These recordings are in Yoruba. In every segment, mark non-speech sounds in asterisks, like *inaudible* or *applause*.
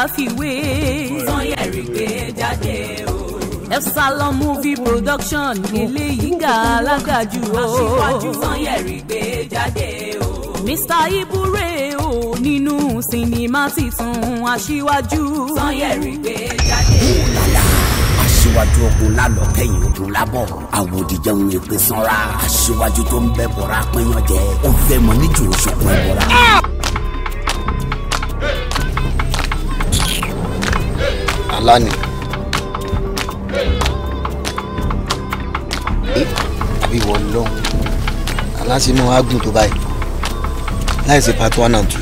láfiwé. sanyẹ̀rì gbé jáde o. Epsilon movie production eléyìí ga alágàjù o. aṣíwájú sanyẹ̀rì gbé jáde o. Mr Ibure o nínú sinimá titun aṣíwájú. sanyẹ̀rì gbé jáde o aṣíwájú ogun lálọ kẹyìn ogun lábọ àwòdìjẹ ń pè sanra aṣíwájú tó ń bẹ bọra pẹyànjẹ ó fẹ mọ níjù oṣù pẹ bọra. Ah! àlá ni. àbí ìwọ lọ́hùn aláṣẹ máa wá gùn tó báyìí láì ṣe part one and two.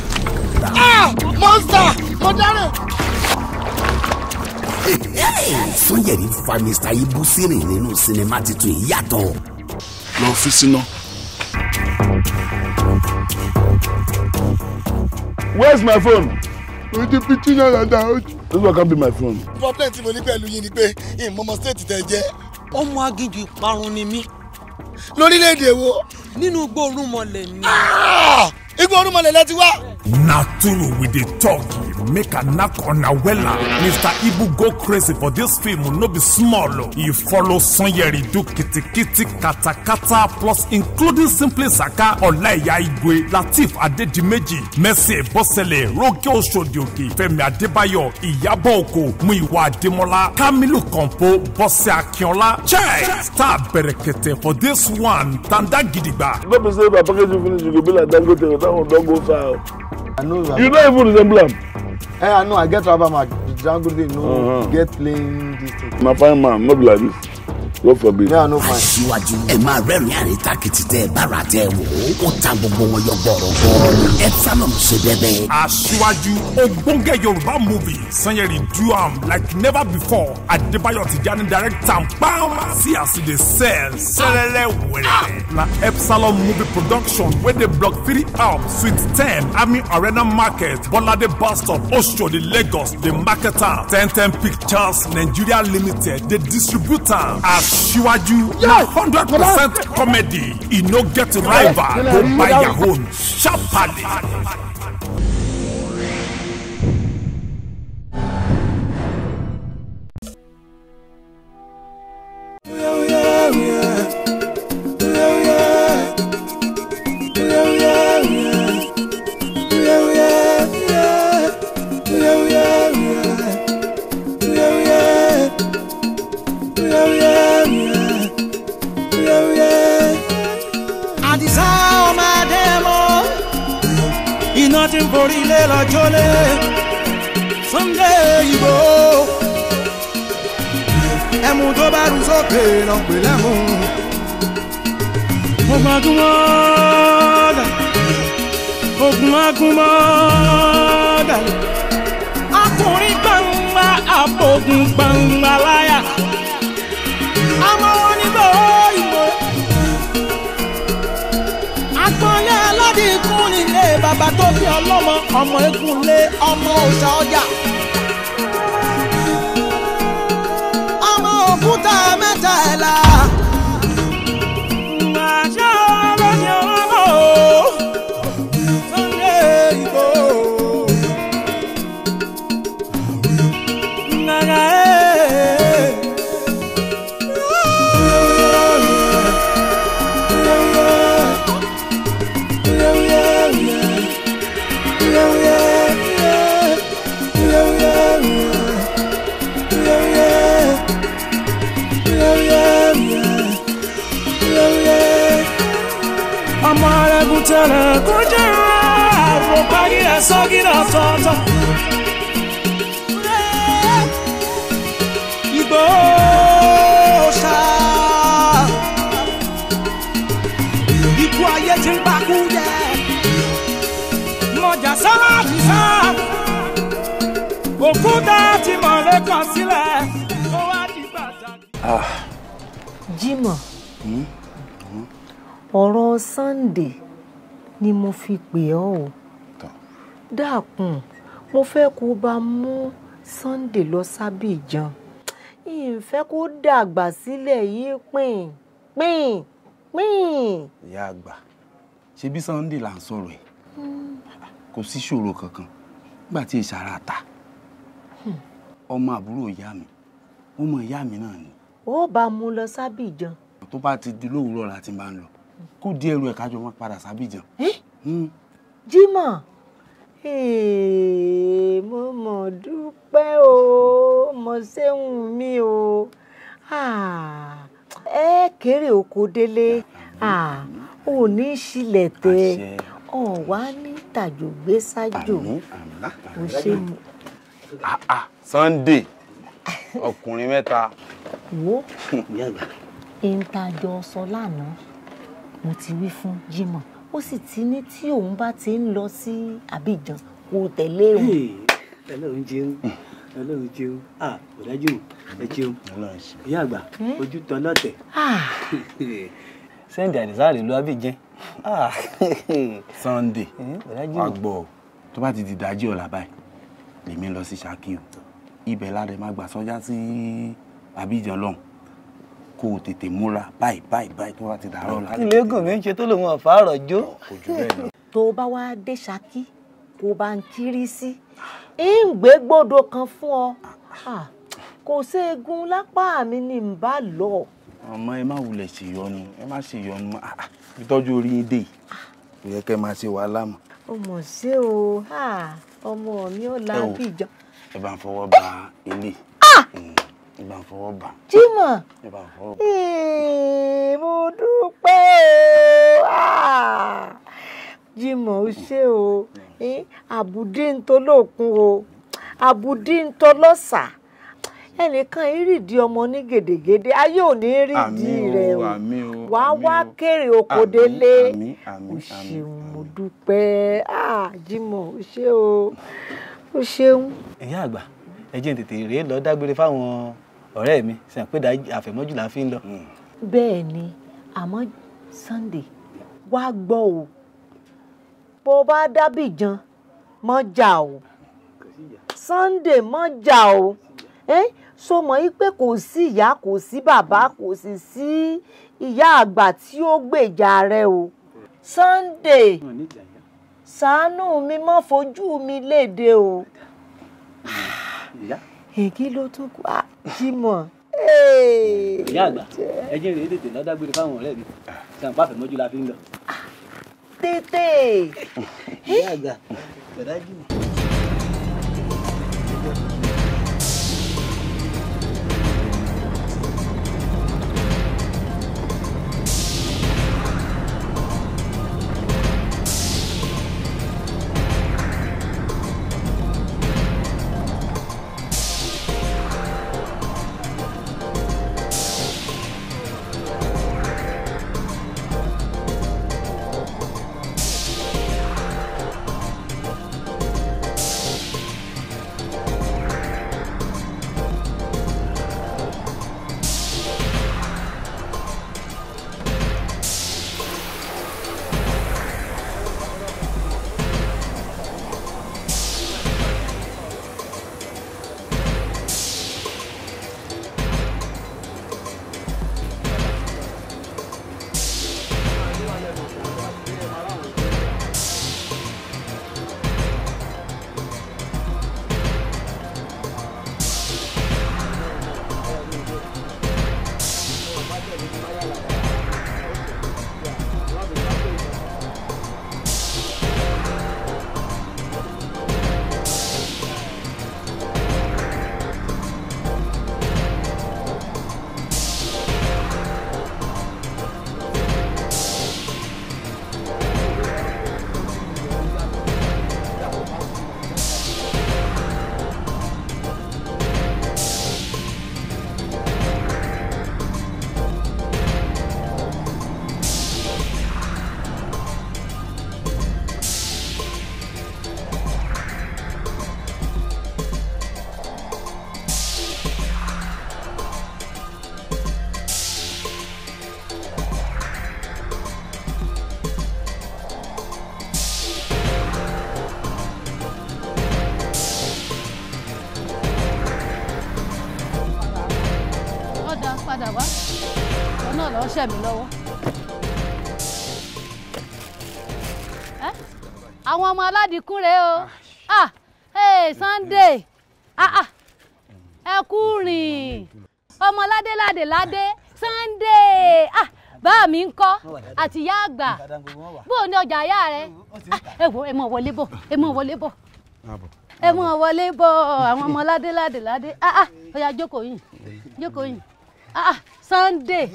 Ah, monster mo dáràn. sọ́yẹ̀rì fa mr ibu sírìn nínú sinimá titun ìyàtọ̀. lọ fi síná. where's my phone? with the picture na that this one can be my friend. problem tí mo ní pẹ̀lú yín ni pé ìmọ̀mọ̀ state tẹ̀ jẹ́. ọmọ aginjù ìparun ni mí. lórílẹ̀‐èdè wo. nínú igbó orúnmọlẹ̀ ni. Ah! igbó orúnmọlẹ̀ lẹ ti wá. na toro we dey talk make knock on a wella mr ibu go crazy for this film no be small oh. He e follow sanyeri do kitikiti kata plus including simply saka ọláìyá igwe lateef adedimeji mercy ebosele roge osodioke fẹ́mi adébáyọ̀ ìyábọ̀ oko muiwa ademola kamilu kompo bọ́sẹ̀ akínọlá chai star berekete for this one tanda gidigba. no be say my package finish you go be like dangote without one don go far. you no even resemble am. Hey, eh, i know i get rubber mark the triangle dey no get playing this thing. My fine man not like this no forbid. yóò no fine. síwájú ẹ máa rẹ́rìn àrè tákìtì tẹ bára tẹ wò ó ta gbogbo wọn yọ bọ̀rọ̀ bọ̀rọ̀ ẹ fáwọn ṣe bẹ́ẹ̀. aṣíwájú ogbóngẹ yorùbá movie sanyẹri do am like never before adébáyọ̀ tìjání direct am pam see as e dey sell sẹlẹlẹ wẹrẹ na epsilon movie production wey dey block three up, suite ten army arena market bolade bus stop oshodi lagos dey market am ten ten pictures nigeria limited dey distribute am as. Aṣíwájú na hundred percent comedy e no get rival go buy your own sharp torile la chole Sunday Igbo ẹmu tó bá rú sókè lọ pè lẹ́mu. ogun agunmọ́dà ogun agunmọ́dà akùnrin gbangba abogun gbangba láyà. bàbá tó bí ọlọ́mọ ọmọ ekunlé ọmọ òòṣà ọjà. sana kujara Robani na sogira toto Igbo ṣá Ikú ayé ti ń pakú jẹ Mọ̀jà sáwá ah. hmm? hmm? Sunday ni mo fi pè ọ́ o dákun mo fẹ́ kó bá mú Sunday lọ sábìjan ìfẹ́ kó dàgbà sílẹ̀ yìí pín pín pín. ìyá àgbà ṣebí Sunday là ń sọ̀rọ̀ ẹ̀ kò sí ṣòro kankan nígbà tí ìṣara ta ọmọ àbúrò ìyá mi ọmọ ìyá mi náà ni. ó bá mú lọ sábìjan. tó bá ti di lówùúrọ̀ la ti máa ń lọ kó di ẹrù ẹ̀ kájọ wọn padà sábìjàn. Eh? Hmm. Jímọ̀ eh, mo mọ̀ dúpẹ́ o mo ṣéun mi o ah, ẹ kéré oko délé ah, ò ní ṣílẹ̀ tẹ ọ wá ní tàjò gbé ṣájò ò ṣe mu. Ah, Sunday ọkùnrin mẹ́ta. wo ìtajọ sọ lánàá mo ti wí fún Jimoh ó sì ti ní tí òun bá ti ń lọ sí Abidjan kó tẹ̀lé òun. Ọlọ́run jẹun Ọlọ́run hmm. jẹun ah ọ̀dájú ẹ jẹun ìyá àgbà hmm? ojú tán lọ́tẹ̀. Ah! *laughs* Ah! *laughs* Sunday Àdìsá rè ló Abidjan. Sunday àgbọ̀ tó bá ti di dájú ọ̀la báyìí lèmi lọ sí Ṣakí o ibẹ̀ lára ẹ má gbà sọ́jà sí Abidjan lọ́hùn kó o tètè múra báyìí báyìí báyìí tó bá ti dàárọ̀ la. ìlẹ́gùn mi ń ṣe tó lòun ọ̀fà ọ̀rọ̀ jó. tó o bá wá dé Ṣakí kó o bá ń kiri sí ń gbé gbódò kan fún ọ kò séegun lápá mi ni n bá lọ. ọmọ ẹ má wulẹ̀ ṣèyọnu ẹ má ṣèyọnu ìtọ́jú orí dé kò yẹ kẹ́ máa ṣe wàhálà mọ́. ó mọ̀ ṣé o ọmọ mi ò lábìjà. ẹ bá ń fọwọ́ ba ilé ìbá ń fọwọ́ bà. Jimoh ìbá ń fọwọ́ bà. mo dúpẹ́ o ah! Jimoh ó ṣe o àbùdí ń tolókun o àbùdí ń tolọ́sà ẹnìkan ìrìdí ọmọ ní gèdègèdè ayé ò ní rìdí rẹ o wà á wá kéré oko délé o ṣeun mo dúpẹ́ ah, Jimoh o ṣe o o ṣeun. ìyá àgbà ẹ tètè rèé lọ dágbére fáwọn ọ̀rẹ́ mi sàn pé àfẹ̀mọ́jù la fi ń lọ. Hmm. bẹ́ẹ̀ ni àmọ́ Sunday wá gbọ́ o bó bá dábìjan mọ́ jà o Sunday mọ́ jà o so mọ̀ yí pé kò sí ìyá kò sí bàbá kò sì sí ìyá àgbà tí ó gbèjà rẹ o Sunday ṣàánú mi mọ́ fojú mi léde o. Ah, èkí ló tún kú á Jímọ̀. ìyá àgbà ẹjẹ rèé tètè lọ dágbére fáwọn ọ̀rẹ́ mi ṣàǹpá àfẹmọjú la fi ń lọ. Ah, tètè. ìyá àgbà bẹ̀rẹ̀ Jímọ̀. iṣẹ́ mi lọ́wọ́. àwọn ọmọ aládìkún rèé o ah hey Sunday ah ah ẹ kú rìn ọmọ ládé ládé ládé Sunday ah bá mi ń kọ́ àti ìyá àgbà bó ni ọjà ìyá rẹ ah, ẹ wo ẹ mọ wọlé bọ̀ ẹ mọ wọlé bọ̀ ẹ mọ wọlé bọ̀ àwọn ọmọ ládé ládé ládé ah ah ó yá jókòó yìí jókòó yìí ah, ah Sunday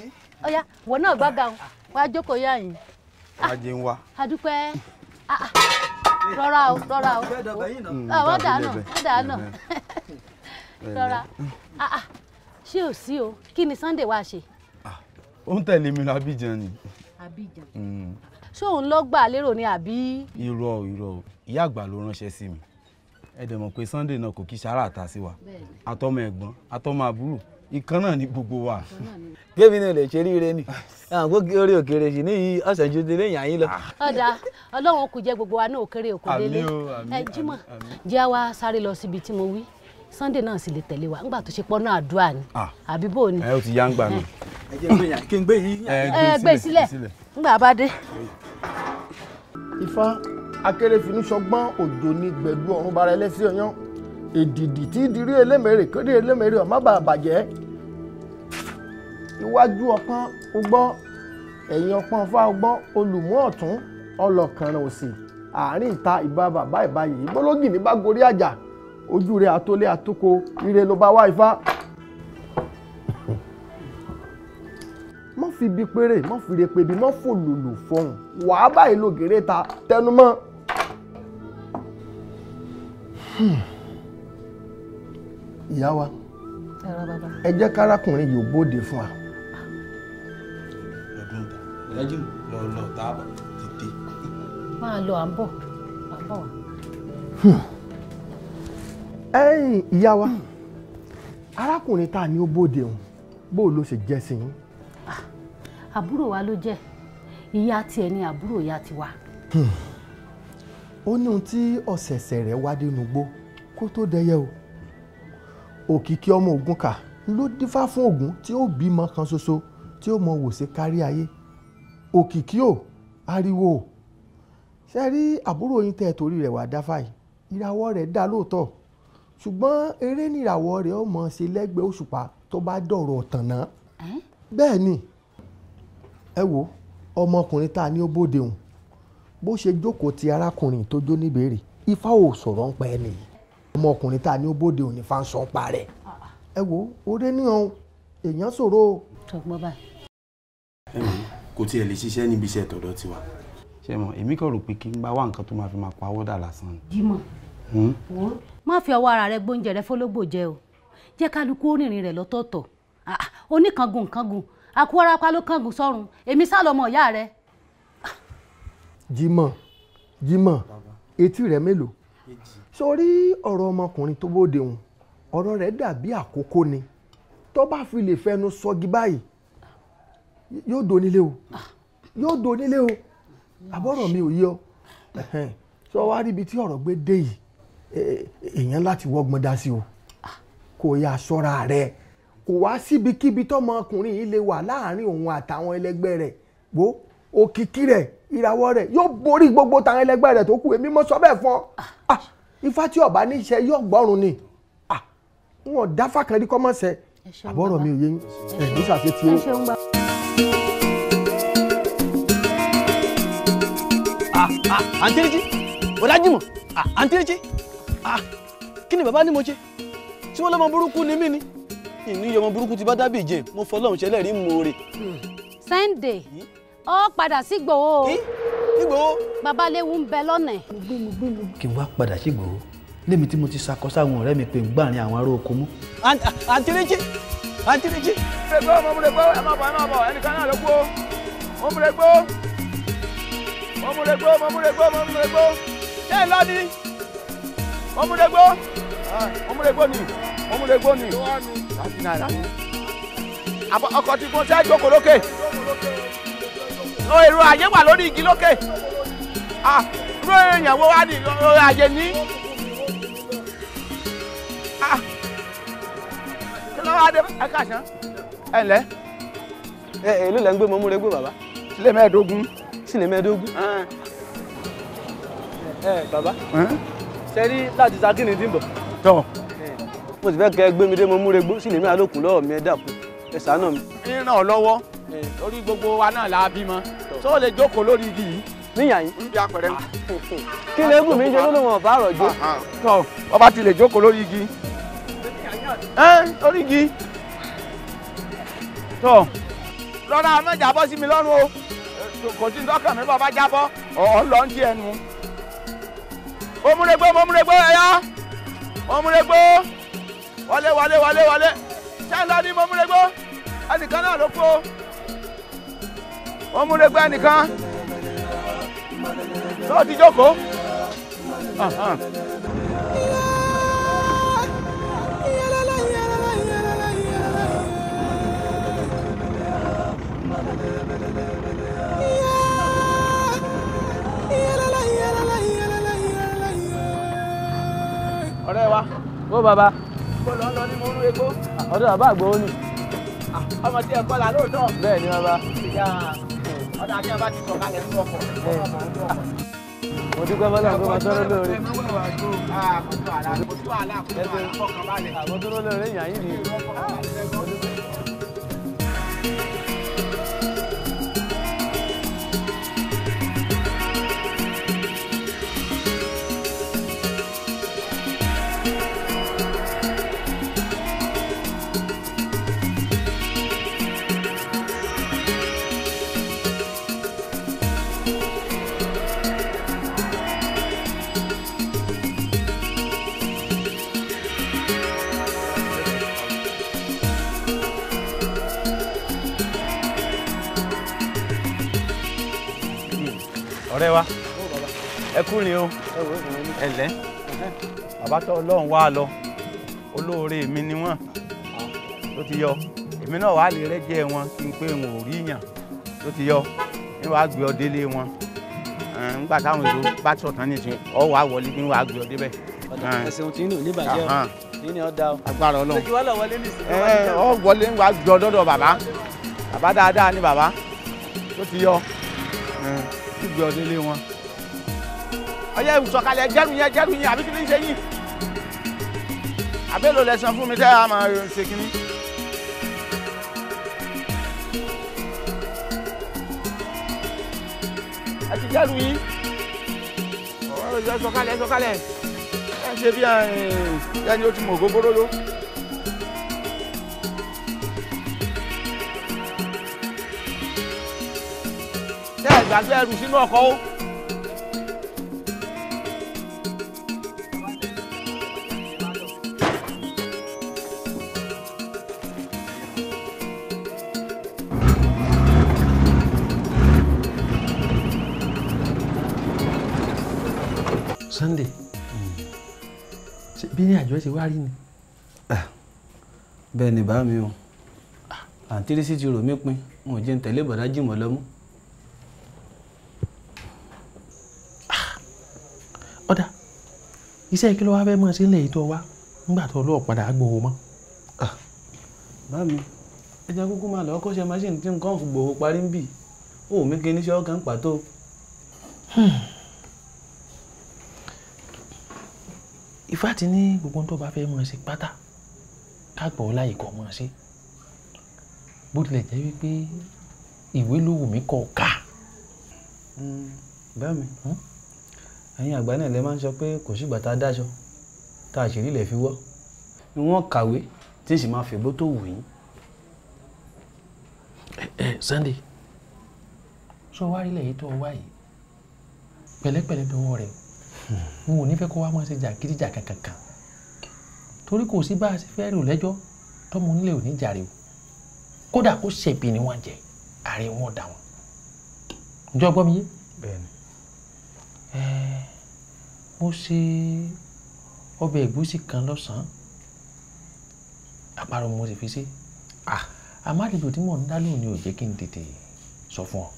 ọ̀ya ìwọ náà bá ga wàá jókòó yá yín. wàá jẹun wa. adúpẹ́ ah, ah. rọra o rọra o àwọn dànù wọ́n dànù rọra ah, ṣé o sí o kí ni Sunday wàá ṣe. ó ń tẹ̀lé mi lọ Abidjan ni. Abidjan mm. ṣé òun lọ gbà lérò ni àbí. irọ́ irọ́ ìyá àgbà ló ránṣẹ́ sí mi ẹ dẹ̀ mọ̀ pé Sunday náà kò kí sàrà ta sí wa àtọmọ ẹ̀gbọ́n àtọmọ àbúrò ìkan náà ni gbogbo wa. kébì ni olè ṣe ríire ni ah. àwọn orí òkèrè sì ní ọ̀sẹ̀ ju délé yàn yín lọ. Ah. ọ̀dà ọlọ́run kò jẹ́ gbogbo wa náà òkèrè òkò délé ẹ Jímọ̀ jẹ́ wa sáré lọ síbi tí mo wí Sunday náà sì lè tẹ̀lé wa ńgbà tó ṣe pọ́n náà àdúrà ni ah. àbí bò ni. ẹ ó ti yá ń gbà mí. ẹ jẹ́ gbé yàn kí n gbé yín. ẹ gbé sílẹ̀ ńgbà bá dé. ifá akérèfínú sọgbọ́n òjò ní gbẹ̀dú ọ̀run bara ẹlẹ́sìn ọyán èdìdì tí ìdírí elémèrè kéde elémèrè ọ̀má bàbàjẹ́ iwájú ọpọ́n ó gbọ́ ẹ̀yìn ọpọ́n fá ó gbọ́ olùmú ọ̀tún ọlọ́kànràn òsì àárín ìta ìbá bàbá ìbáyé ìgbólógì ní bá gorí àjà ojú rẹ àtọlé àtọkọ ire ló bá wá ifá. *laughs* mọ́ fi ibi péré mọ́ fi ire pèbí mọ́ fò lòlò fọhùn wàá báyìí lògèrè ta tẹnumọ́. Hmm. ìyá wa ẹ jẹ́ kárákùnrin yìí ó bóde fún wa. Hmm dájú lọ lọ tá a bá tètè. máa lọ à ń bọ̀ à ń bọ̀ wá. ẹ̀yin ìyá wa arákùnrin tá a ní ó bóde òun bó ló ṣe jẹ́ sí yín. Ah, àbúrò wa ló jẹ́ ìyá tiẹ̀ ni àbúrò ìyá tiwa. Hmm. ó ní ohun tí ọ̀sẹ̀ẹ̀sẹ̀ rẹ̀ wá dénú gbó kó tó dẹyẹ o òkìkí ọmọ ògùn kà ló dífá fún ògùn tí ó bímọ kan ṣoṣo tí ó mọ wòṣe kárí ayé òkìkí o ariwo o ṣe rí àbúrò yín tẹ́ torí rẹ̀ wá dáfà yìí ìràwọ̀ rẹ̀ dá lóòótọ́ ṣùgbọ́n eré ni ìràwọ̀ rẹ̀ ó mọ̀ ṣe lẹ́gbẹ̀ẹ́ òṣùpá tó bá dọ̀rọ̀ ọ̀tànná bẹ́ẹ̀ ni ẹ wo ọmọkùnrin tá a ní ó bóde òun bó ṣe jókòó ti arákùnrin tó jó níbèrè ifá ò sọ̀rọ̀ ń pa ẹ nìyí ọmọkùnrin tá a ní ó bóde òun ní fáńsọ̀ ń pa rẹ̀ ah, ah. ẹ wo oore ní èèyàn ṣòro. tọgbọ́n báyìí kò tiẹ̀ lè ṣiṣẹ́ níbi iṣẹ́ tọ̀dọ̀ tiwa. ṣé mo èmi kò rò pé kí n bá wá nǹkan tó máa fi máa pa owó dà lásán ni. jimoh hmm? wo má fi ọwọ́ ara rẹ gbóúnjẹ rẹ fọlọ́gbò jẹ o jẹ́ kálukú onírin rẹ̀ lọ́tọ̀ọ̀tọ̀ ah, ah, oníkangun kangun àkúwarapá ló kangun sọ́run èmi sá lọmọ ìyá rẹ. jimoh jimoh etí rẹ mélòó sórí ọ̀rọ̀ ọmọkùnrin tó bóde wọn ọ̀rọ̀ rẹ̀ dàbí àkókò ni tó bá fi lè fẹnu sọgi báyìí yóò do nílé o ah. yóò do nílé o àbọ̀rọ̀ mi ò yí ọ sọ wá rí ibi tí ọ̀rọ̀ gbé dé yìí e, e, èèyàn láti wọ́gbọ́n dá sí o ah. kò yà sọ́ra rẹ̀ kò wá síbikíbi tọmọkùnrin yìí lè wà láàrin òun àtàwọn ẹlẹgbẹ́ rẹ̀ wo òkìkí rẹ̀ ìràwọ̀ rẹ̀ yóò borí gbogbo tàwọn ẹlẹgbẹ́ rẹ̀ tó kù èmi mo sọ bẹ́ẹ̀ fún ọ ah. ifá tí ọba níṣẹ́ yóò gbọ́rùn ni wọn dáfà kan rí kọ́mọ́sẹ̀ àbọ̀rọ̀ mi ò yé yín ẹ̀ ní sàfihàn tí ó. àǹtíríjì ọ̀làjìmọ̀ àǹtíríjì kí ni bàbá ni mo ṣe tí wọ́n lọ́mọ burúkú ni mí ni ìní yọmọ burúkú ti bá dábì jẹ mo fọlọ́run ṣẹlẹ̀ rí mòore. Sunday ó padà sí gbòó. ìgbòho. bàbá léwu ń bẹ lọ́nà. mo gbé mo gbé mo. kí n wá padà sí gbòó lémi tí mo ti sakọ sáwọn ọ̀rẹ́ mi pé n gbàrin àwọn ará oko mú. àǹtíríjì àǹtíríjì. ṣé gbọ́ ọmọ mi lè gbọ́ ẹ má bọ̀ ẹ má bọ̀ ẹnìkan náà ló kú ó mo lè gbọ́ mọ̀múrẹ́gbó mọ̀múrẹ́gbó mọ̀múrẹ́gbó ṣé ń lọ ní mọ̀múrẹ́gbó mọ̀múrẹ́gbó ni mọ̀múrẹ́gbó ni láti náírà ni àbọ̀ ọkọ̀ ti fún ṣáà jókòó lókè èrò àyè wà lórí igi lókè ró ìyàwó wa ni àyè ah. ní kí ló wá dé ẹ káàsán ẹ ǹlẹ́. ẹ èlò lẹ́ ń gbé mọ́múrẹ́gbó bàbá. sílẹ̀ mẹ́ẹ̀ẹ́dógún sínú mẹ́ẹ̀ẹ́dógún. ẹ bàbá sẹ́rí láti sakínì dìbò. tọ́ mo sì fẹ́ kẹ́ gbé mi dé mo múre gbó sínú mi àlòkù lọ́wọ́ mi ẹ dàkú ẹ ṣàánú mi. ń ràn ọ́ lọ́wọ́ lórí gbogbo wa náà la bímọ tó o lè jókòó lórí igi yìí. níyàn yìí. ń bí apẹ̀rẹ̀ mi. *laughs* kí lè bù mí jẹ́ lónìí wọn bá rọ̀ jó. tọ́ ọba ti lè jókòó lórí igi. ẹ lórí igi. tọ́ lọ́ra mẹ́jà bọ́ sí mi lọ́rùn o kò sí ntọ́kàn mi bàbá jábọ́ ọ̀ lọ ń di ẹnu. omúregbó omúregbó ẹ̀yà omúregbó wọlé wọlé wọlé wọlé ṣé ń lọ ní omúregbó ẹnìkan náà ló kó omúregbó ẹnìkan tó ti jókòó. ọ̀rẹ́ wa. ó bàbá. mo lọ lọ ní morú egbò. ọ̀dọ̀ bàbá àgbòho ni. ọmọ tí ẹ kọ́ la lóòótọ́. bẹ́ẹ̀ ni bàbá. ọ̀dà àti ọba ti sọ ká kẹ́kọ̀ọ́ ọkọ̀. mo dúpẹ́ bọ́lá pé mo dúró lóore. mo dúró lóore yàn yín ni. ọ̀rẹ́ wa ẹ kúrin o ẹ lẹ́ bàbá tó ọlọ́run wá lọ olóore mi ni wọ́n ló ti yọ èmi náà wàá lè rẹ́jẹ wọn kí n pé wọn ò rí yàn ló ti yọ ní wàá gbé ọ délé wọn nígbà táwọn èrò bá sọ̀tàn nìsín ọ wàá wọlé ní wàá gbé ọ débẹ̀. o ní ọ da o. agbára Ọlọ́run ọ wọlé wàá gbé ọ bàbá bàbá dáadáa ni bàbá ló ti yọ sì gbé ọdún lé wọn. ọyẹ ìsọ̀kalẹ̀ jẹ́rù yẹn jẹ́rù yẹn àbí kí ni ṣe yín. àbẹ́lò lẹ́sàn fún mi tẹ́ a máa ṣe kínní. ẹ ti jẹ́rù yín. ọ̀rọ̀ ìsọ̀kalẹ̀ ìsọ̀kalẹ̀ ẹ ṣe bí ẹni ó ti mọ̀ ògógóró yó. ìgbàsẹ̀ ẹrù sínú ọkọ̀ o. Sunday bí ní àjọ ṣe wá rí ni. Ah, bẹ́ẹ̀ ni bá mi o ah, àǹtírísí ti rò mí pin wọn ò jẹ́ ń tẹ̀lé bọ̀dá jìmọ̀ ọ̀dà iṣẹ́ kí ló wá fẹ́ mọ̀ sí ilé yìí tó wá nígbà tó lọ́ọ̀ padà gbòòrò mọ́. Ah. bámi ẹ jẹ́ kúkú máa lọ kọ́ṣẹ́ machine tí nǹkan fún gbòòrò parí ń bì ó mi kí níṣẹ́ ọ̀gá ń pàtó. ìfá hmm. ti ní gbogbo tó bá fẹ́ mọ̀ sí pátá kágbọ̀ láyè kọ́ mọ̀ sí bó tilẹ̀ jẹ́ wípé ìwé ló wù mí kọ́ ká. Hmm. bámi. Hmm ẹ̀yin àgbà náà lẹ máa ń sọ pé kò sígbà tá a dáṣọ tá a ṣèrí ilẹ̀ fi wọ́ ni wọ́n kàwé tí sì máa fègbó tó wù yín. ẹ ẹ Sunday sọ wá ilẹ̀ yìí tó o wá yìí pẹ̀lẹ́pẹ̀lẹ́ dọwọ́ rẹ̀ n ò ní fẹ́ kó wá máa ṣe jàgídíjà kankan torí kò sí bá a ṣe fẹ́ rò lẹ́jọ́ tọ́mọ onílé ò ní jàre o kódà kó ṣèbí ni wọ́n jẹ àárẹ̀ wọn dà wọ́n ǹjọ́ gbọ́ mi yé. bẹ́ẹ̀ni Eh, mo ṣe ọbẹ̀ ẹ̀gúsí kan lọ́sàn-án àparò mo sì fi ṣe àmàlejò tí mò ń dá lóhùn ni ò jẹ́ kí n tètè sọ fún ọ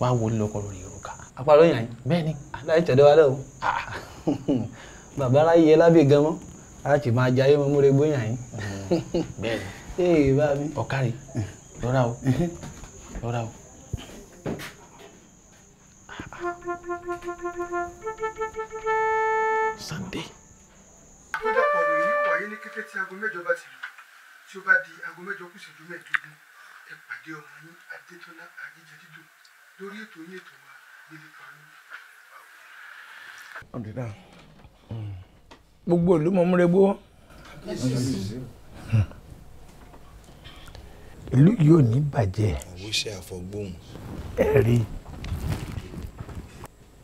wá wọlé lọ́kọ́ lórí òrùka. àparò yàn yín. bẹ́ẹ̀ ni. aláì tẹ̀lé wa lẹ́wọ̀. bàbá aláyé yẹ lábẹ́ gan mọ́ a ti máa jayé mọ́ múre gbóyàn yín. bẹ́ẹ̀ ni. ee ọ̀kárí lọ́ra o lọ́ra o. Sunday. ó dàpọ̀ ròyìn yóò wáyé ní kété tí aago mẹ́jọ bá ti lù tí ó bá di aago mẹ́jọ kù ìṣẹ́jú mẹ́ẹ̀ẹ́dógún ẹ pàdé ọmọ yín adétọ́lá àjíjẹdídò lórí ètò yín ètò wa gbélé pàmò. ọ̀dẹ̀dà mm, gbogbo ìlú mọ̀múrẹ́ gbó. ìlú yóò ní bàjẹ́. àwọn iṣẹ́ àfọgbóhùn. ẹ̀rí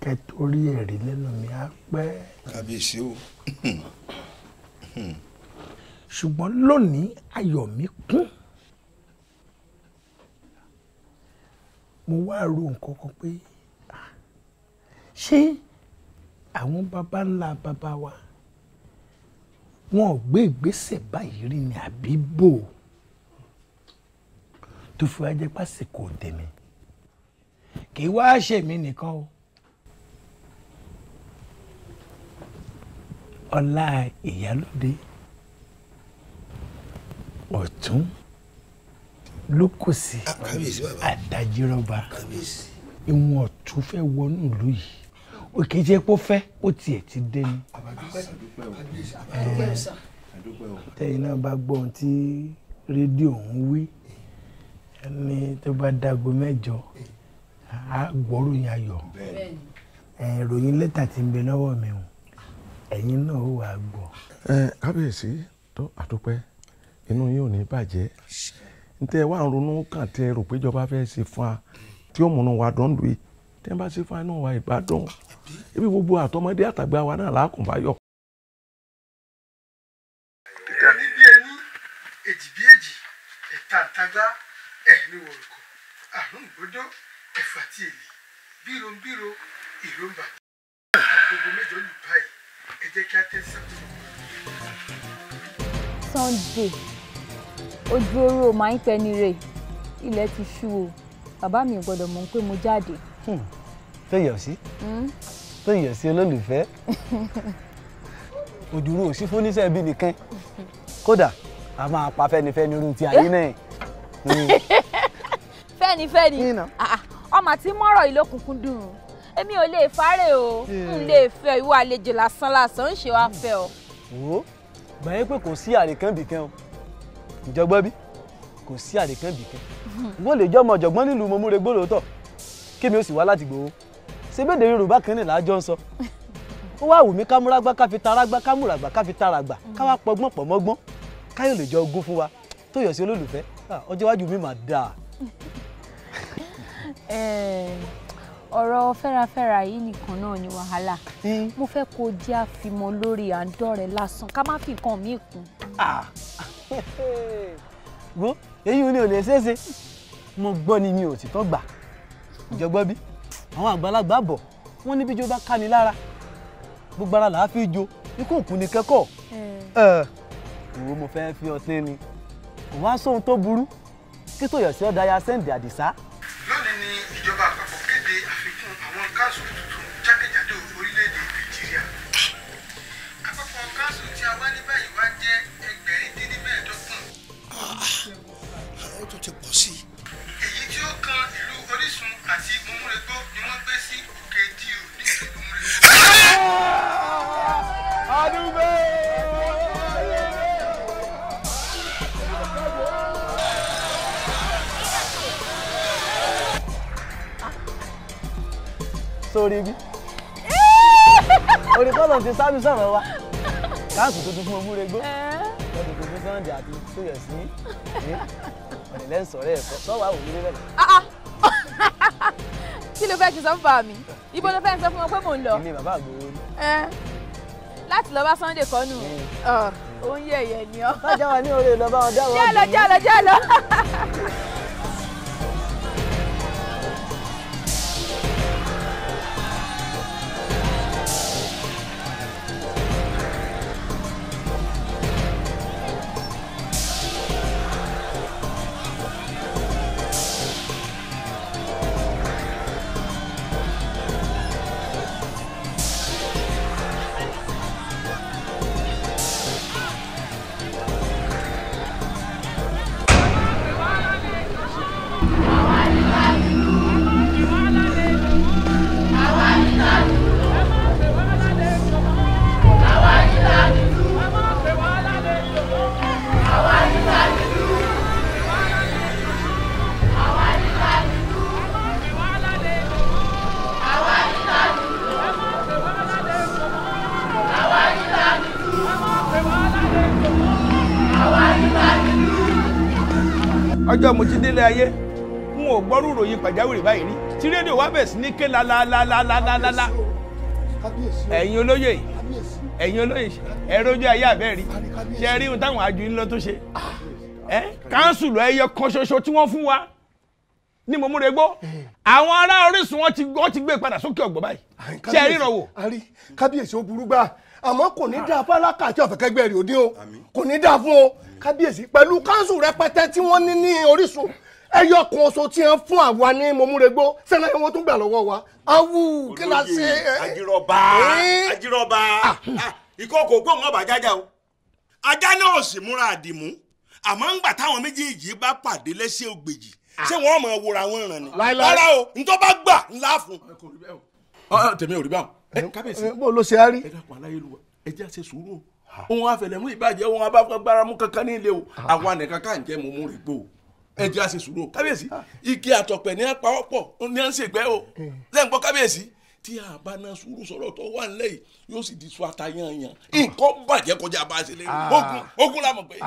kẹ torí ẹ̀rí lẹ́nu mi á pẹ́. kábíyèsí o. ṣùgbọ́n lónìí ayọ̀ mi kún. mo wá ro nǹkan kan pé ṣé àwọn baba ńlá baba wa wọn ò gbé ìgbésẹ̀ báyìí rí ni àbí bò tó fi wá jẹ́ pásìkò tèmi kì í wá ṣèmi nìkan o ọlá ìyálóde ọ̀tún lókòsí ah, àdájírọ́ba ìwọ̀n ọ̀tún fẹ́ wọnú ìlú yìí òkè jẹ́ pé ó fẹ́ ó tiẹ̀ ti dé ni. tẹ́yìn náà bá gbọ́ ohun tí rédíò ń wí ẹni tó bá dago mẹ́jọ á gbọ́ròyìn ayọ̀ ìròyìn lẹ́tà tí ń bẹ lọ́wọ́ mi hàn ẹ̀yin náà ó wà gbọ́. ẹ kábíyèsí tó àdúpẹ́ inú yín ní bàjẹ́ ntẹ wà ń ronú kàn tẹ rò pé ìjọba fẹ́ wa tí ó múnú wa dán tẹ bá ṣe fún wa náà wà ibi gbogbo àtọmọdé àtàgbà wa náà làákùn yọ. ẹni ẹni èjì èjì àrùn tí lù ẹ jẹ́ kí a tẹ̀sán. Sunday ojú oró máa ń tẹni rè ilẹ̀ ti ṣú o bàbá mi ò gbọ́dọ̀ mọ̀ pé mo jáde. Hmm. tó yọ̀ sí hmm? tó yọ̀ sí olólùfẹ́ *laughs* òdùrú òsì fúnisẹ́ bí nìkan kódà a máa pa fẹ́nifẹ́ni irú ti ayé náà. Hmm. *laughs* fẹ́nifẹ́ni ah, ah. ọmọ àti mọ́rọ̀ ìlókùnkùn dùn èmi ò lè fárè o hmm. n lè fẹ́ ìwọ àlejò lásán lásán ń ṣe wá fẹ́ o. wo gbàyẹ pé kò sí àrèkánbìkan o ìjọgbọ́n bí kò sí àrèkánbìkan wọ́n hmm. lè jọmọ ọ̀jọ̀gbọ́n nílùú mọ́múre gbòòrò kémi ó sì wá láti gbòó sebéde yorùbá kan ní làájọ ń sọ *laughs* ó wá wù mí kámúrágbá káfi tarágbá kámúràgbá káfi taràgbà káwá hmm. pọgbọ́n pọ̀ mọ́gbọ́n káyọ̀ lè jọ ogún fún wa tó yọ̀ sí olólùfẹ́ ọjọ́ iwájú mi mà dáa. *laughs* Eh, ọ̀rọ̀ fẹ́rafẹ́ra yìí nìkan náà ni wàhálà mo fẹ́ kó jẹ́ àfimọ́ lórí àǹdọ̀rẹ́ lásán ká má fi nǹkan míì kún. gbọ́ èyí ni ò lè ṣeéṣe mo gbọ́ ni mi ò títọ́ gbà ìjọgbọ́n bí àwọn àgbàlagbà bọ̀ wọ́n níbi jó bá ká ni lára gbogbo ara làá fi jó ikú òkú ni kẹ́kọ̀ọ́ ìwọ mo fẹ́ fi ọtí ni wọ́n sóhun tó burú kí tòyọ̀sí ọ̀dà ya sẹ́ǹdì àdìsá. lónìí ni ìjọba àpapọ̀ caso lórí ibi orí kọ́lọ̀ ti sábì sọ̀rọ̀ wa káàsì tuntun fún omúregbó lọ́dún tuntun sànńdì àti sóyẹ̀ sí ọ̀nà lẹ́sọ̀rọ̀ ẹ̀fọ́ sọ́wọ́ àwọn òwúrẹ́ bẹ̀rẹ̀. Ah, ah. *laughs* kí ló fẹ́ kí sọ fún mi ibo ló fẹ́ sọ fún wọn pé mò ń lọ. ilé bàbá àgbòrò ni. láti lọ bá Sunday kọ́ nù òun yẹ̀yẹ̀ ni ọ́. lọ́jọ́ wa ní orí ìlọ́ba ọjọ́ wa. jẹ́ lọ jẹ́ lọ jẹ́ lọ. bẹ̀rẹ̀ la la la la ẹ̀yin olóyè ẹ̀yin olóyè ẹ̀rọjú ayé àbẹ́rí ṣe rí ohun táwọn ajú ńlọ tó ṣe ah. ẹ káńsùlù ẹyọ kan ṣoṣo tí wọ́n fún wa ní mo múre gbó eh. àwọn ará Orísun wọn ti wọn ti gbé e padà sókè ọgbọ báyìí ah, ṣe rí rọ wò. kábíyèsí ó burú gbà àmọ́ kò ní ah. dáa fálákà àti ọ̀fẹ́kẹ́gbẹ̀rì òde o kò ní dáa fún o kábíyèsí pẹ̀lú káńsù rẹpẹtẹ tí wọ́n ní ní Orísun ẹyọ kan ọsọ tí wọn fún àwa ní mọmúregbó sẹlẹ wọn tún gbà lọ́wọ́ wa awu kí la ṣe. ajirọba eh? ajirọba ah. ah, ìkókò gbóhùn ọba jájá o ajá náà ò sì múra àdìmú àmọ́ ńgbà táwọn méjèèjì bá pàdé lẹ́sẹ̀ ògbèjì ah. ṣé wọ́n mọ̀ wòra wọn ràn ni rárá o ntọ́ bá gbà ńlá fún. tèmi ò rí báwọn. Eh, eh, kábíyèsí bó ló ṣe á rí. ẹ dàpọ̀ aláyélujá ẹ jẹ́ àṣẹ sùúrù òun àfẹlẹ́mú ìbàjẹ́ òun abáfẹ́ gbáramú kankan ní ilé o àwọn ànẹ̀kankan jẹ́ mọ́mú rẹ̀ gbó ẹ jẹ́ àṣẹ sùúrù kábíyèsí ah. igi àtọ̀pẹ̀ ní apá ọ̀pọ̀ ní à ń ṣègbẹ́ o lẹ́yìn eh. gbọ́ kábíyèsí tí a bá na sùúrù sọ̀rọ̀ tó wà nílẹ̀ yìí yóò sì di sùn àtàyànyàn ah. nǹkan bàjẹ́ kọjá bá a ṣe lé ah. ogun ogun la ogun ní.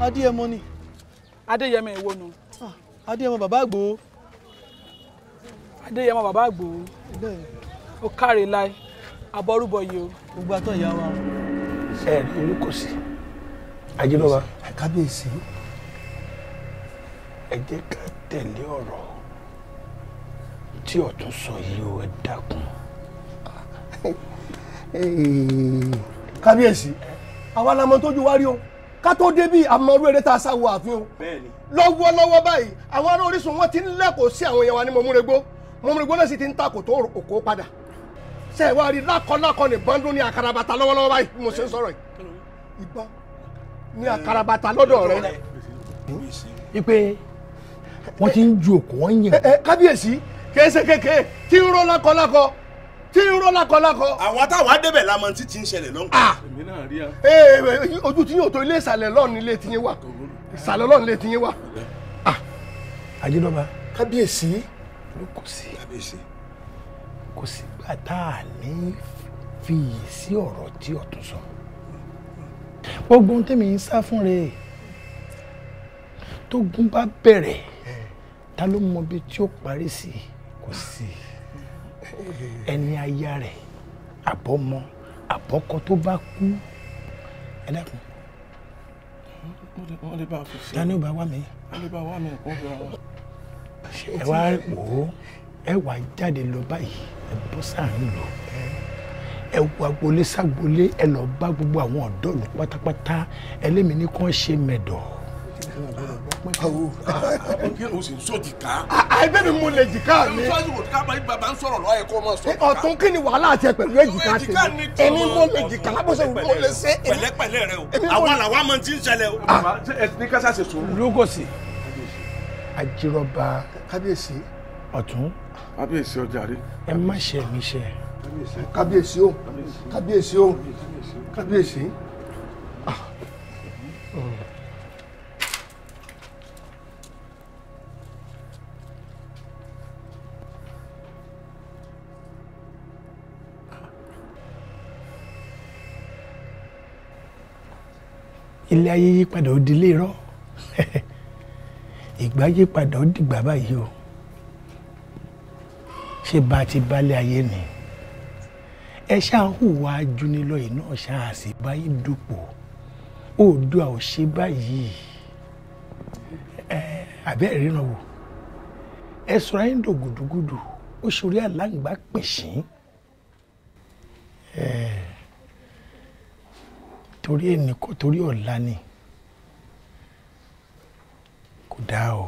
adéyẹmọ ni. adéyẹmọ ìwọ nu. Ah, adéyẹmọ bàbá àgbò. adéyẹmọ bàbá àgbò. ó káre láì abọ́rúbọ yìí o. gbogbo àtọ̀ ìyá wa. ẹ ẹ ìlú kò sí ajílọ́ba. kábíyèsí. ẹ jẹ́ ká tẹ̀lé ọ̀rọ̀ tí ọ̀tún sọ yìí o ẹ dákun. kábíyèsí àwa la mọ tójú wa rí o ká tó débi àmọ́rú eré tá a sá wo àfihàn lọ́wọ́lọ́wọ́ báyìí àwọn ará Orísun wọn ti ń lẹ́kọ̀ọ́ sí àwọn èèyàn wa ní mọ̀múregbó mọ̀múregbó náà sì ti ń takò tó òkó padà ṣe é wá rí lákọ̀lákọ̀ ní bọ́ńdún ní àkàràbàtà lọ́wọ́lọ́wọ́ báyìí bí mo ṣe ń sọ̀rọ̀ yìí ìbọn ní àkàràbàtà lọ́dọ̀ rẹ. ipe wọn ti ń ju òkú wọn yàn. kábíyèsí kèése kékeré tí ń ró lákọ̀lákọ̀ tí ń rọ́ lákọlákọ. àwọn táwọn adébẹ̀ la mọ tí ti ń ṣẹlẹ̀ lọ́nkọ. Ah! èmi náà rí a. ee ojú tí yóò tó ilé ìsàlẹ̀ lọ́ọ̀nù ilé tí yín wà ìsàlẹ̀ lọ́ọ̀nù ilé tí yín wà. àjídọ́ba ah! kábíyèsí ló kò sí kábíyèsí kò sígbà tá a ní fi yìí sí ọ̀rọ̀ tí ọ̀tún sọ gbogbo ohun tẹ́mi ń sá fún rẹ̀ tógun bá bẹ̀rẹ̀ ta ló mọ bí tí ó parí sí kò sí i ẹni aya rẹ̀ àbọ̀mọ àbọ̀kọ tó bá kú ẹ dákun. wọ́n lè bá a dání ò bá wà mí. wa. ẹ wá wò ó ẹ wá jáde lọ báyìí ẹ bọ́ sáàrin lọ ẹ wo agboolé ságboolé ẹ lọ bá gbogbo àwọn ọ̀dọ́ ìlú pátápátá ẹlẹ́mìí ní ṣe mẹ̀dọ̀ọ́ awo o sì ń sọ jìká. àìbẹ́ mi mú lè jìká mi. sọ́jú kò ká báyìí bàbá ń sọ̀rọ̀ lọ́wọ́ ẹ̀ kó máa sọ. ọ̀tún kí ni wàhálà àti ẹ̀ pẹ̀lú èjìká ti mi. èmi mú lè jìká lábọ́sẹ̀ wù mú lè ṣe. pẹ̀lẹ́pẹ̀lẹ́ rẹ o àwa làwa máa ti ń ṣẹlẹ̀ o. ní kásá ṣe sùn. lókòsì àjírọ̀bà kábíyèsí ọ̀tún. kábíyèsí ọjà rí. ẹ má ṣe mi ṣe. kábíyèsí o kábíyèsí o ilé ayé yípadà ó di ilé irọ́ *laughs* ìgbà yípadà ó dìgbà báyìí o ṣé bá a ti bálé ayé ni ẹ ṣáà hùwà ajúnilọ yìí náà ṣáà sì báyìí dùpò oòdùà ò ṣe báyìí ẹ àbẹ́ ìrìnà wò ẹ sọ̀rọ̀ ayé ń dò gùdùgùdù ó ṣorí àláǹgbá pẹ̀sìn ẹ torí ẹnìkan torí ọ̀la ni kò dáa o.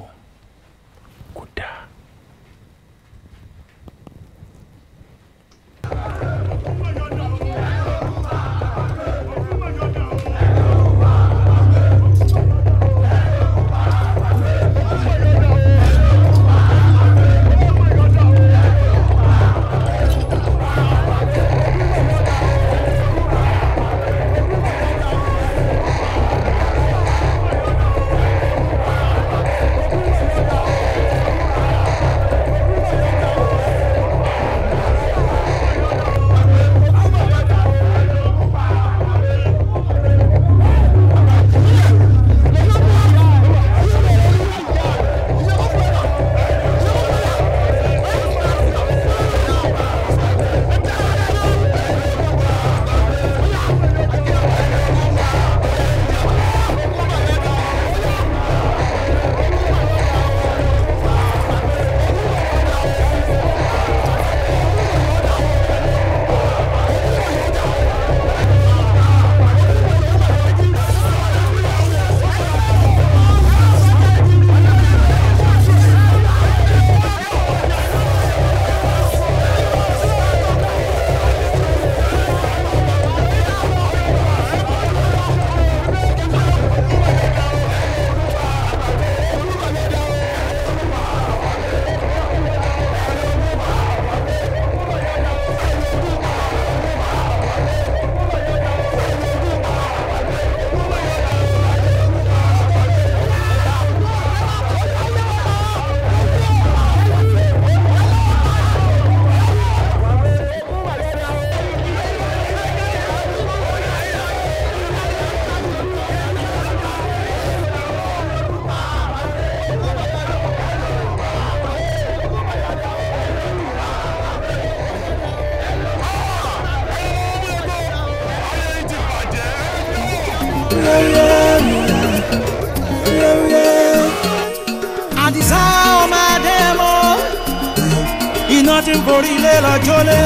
torile la chole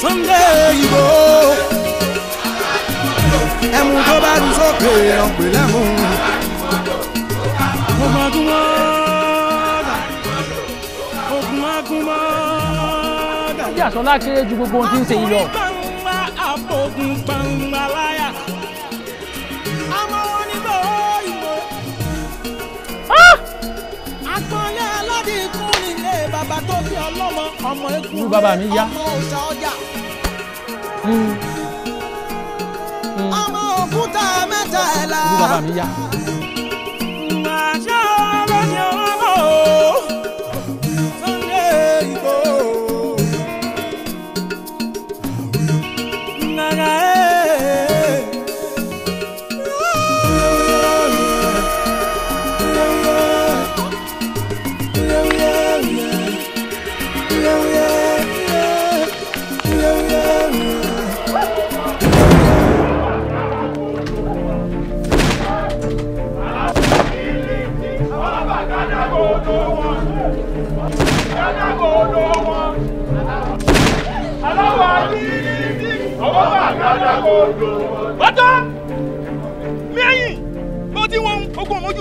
Sunday Igbo ẹmu tó bá dùn sókè ọ̀pẹ̀ lẹ́mu. ogun agunmọ́dà ogun agunmọ́dà. ìdí àsọlá kéré ju gbogbo ohun tí ń ṣe yìí lọ. irú Baba mi yá. irú bàbá mi yá.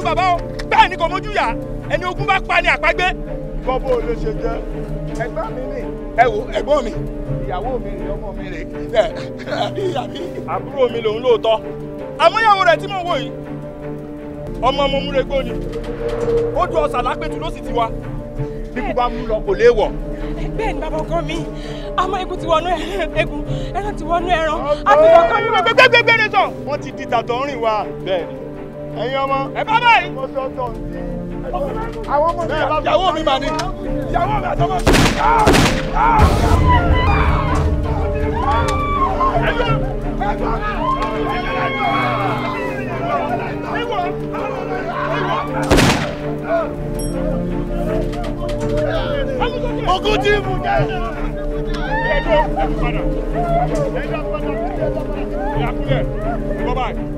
bàbá o bẹ́ẹ̀ ni kò mójú yà ẹni ogun bá pa ni àpagbé. bọ́bọ́ ló ṣe jẹ́ ẹgbẹ́ mi ni ẹ wo ẹ̀gbọ́n mi ìyàwó mi rè ọmọ mi rè àbúrò mi lòun lóòótọ́ àmúyàwó rẹ̀ tí mò ń wò yìí ọmọ ọmọ múregbó ni ó ju ọ̀sà lápẹ̀tù ló sì ti wá bí kò bá mú lọ kò léèwọ̀. bẹ́ẹ̀ ni bàbá ọkọ mi àmọ́ egun ti wọnú egun ẹran ti wọnú ẹran àti ọkọ mi. gbẹgbẹgbẹgbẹ nìtàn. wọ́n ti di tàtọ̀ ń rìn wá. bẹ́ẹ̀ ni ẹ̀yin ọmọ ẹ bá báyìí. mo sọ tọ̀ ní. àwọn ọmọ mi ìyàwó mi mà ní. ìyàwó mi àtọmọ mi. ogun tí mo jẹ́ ẹ̀dọ́ ẹ̀dọ́ padà ẹ̀dọ́ padà ẹ̀dọ́ padà ẹ̀dọ́ padà ẹ̀dọ́ padà ẹ̀dọ́ padà.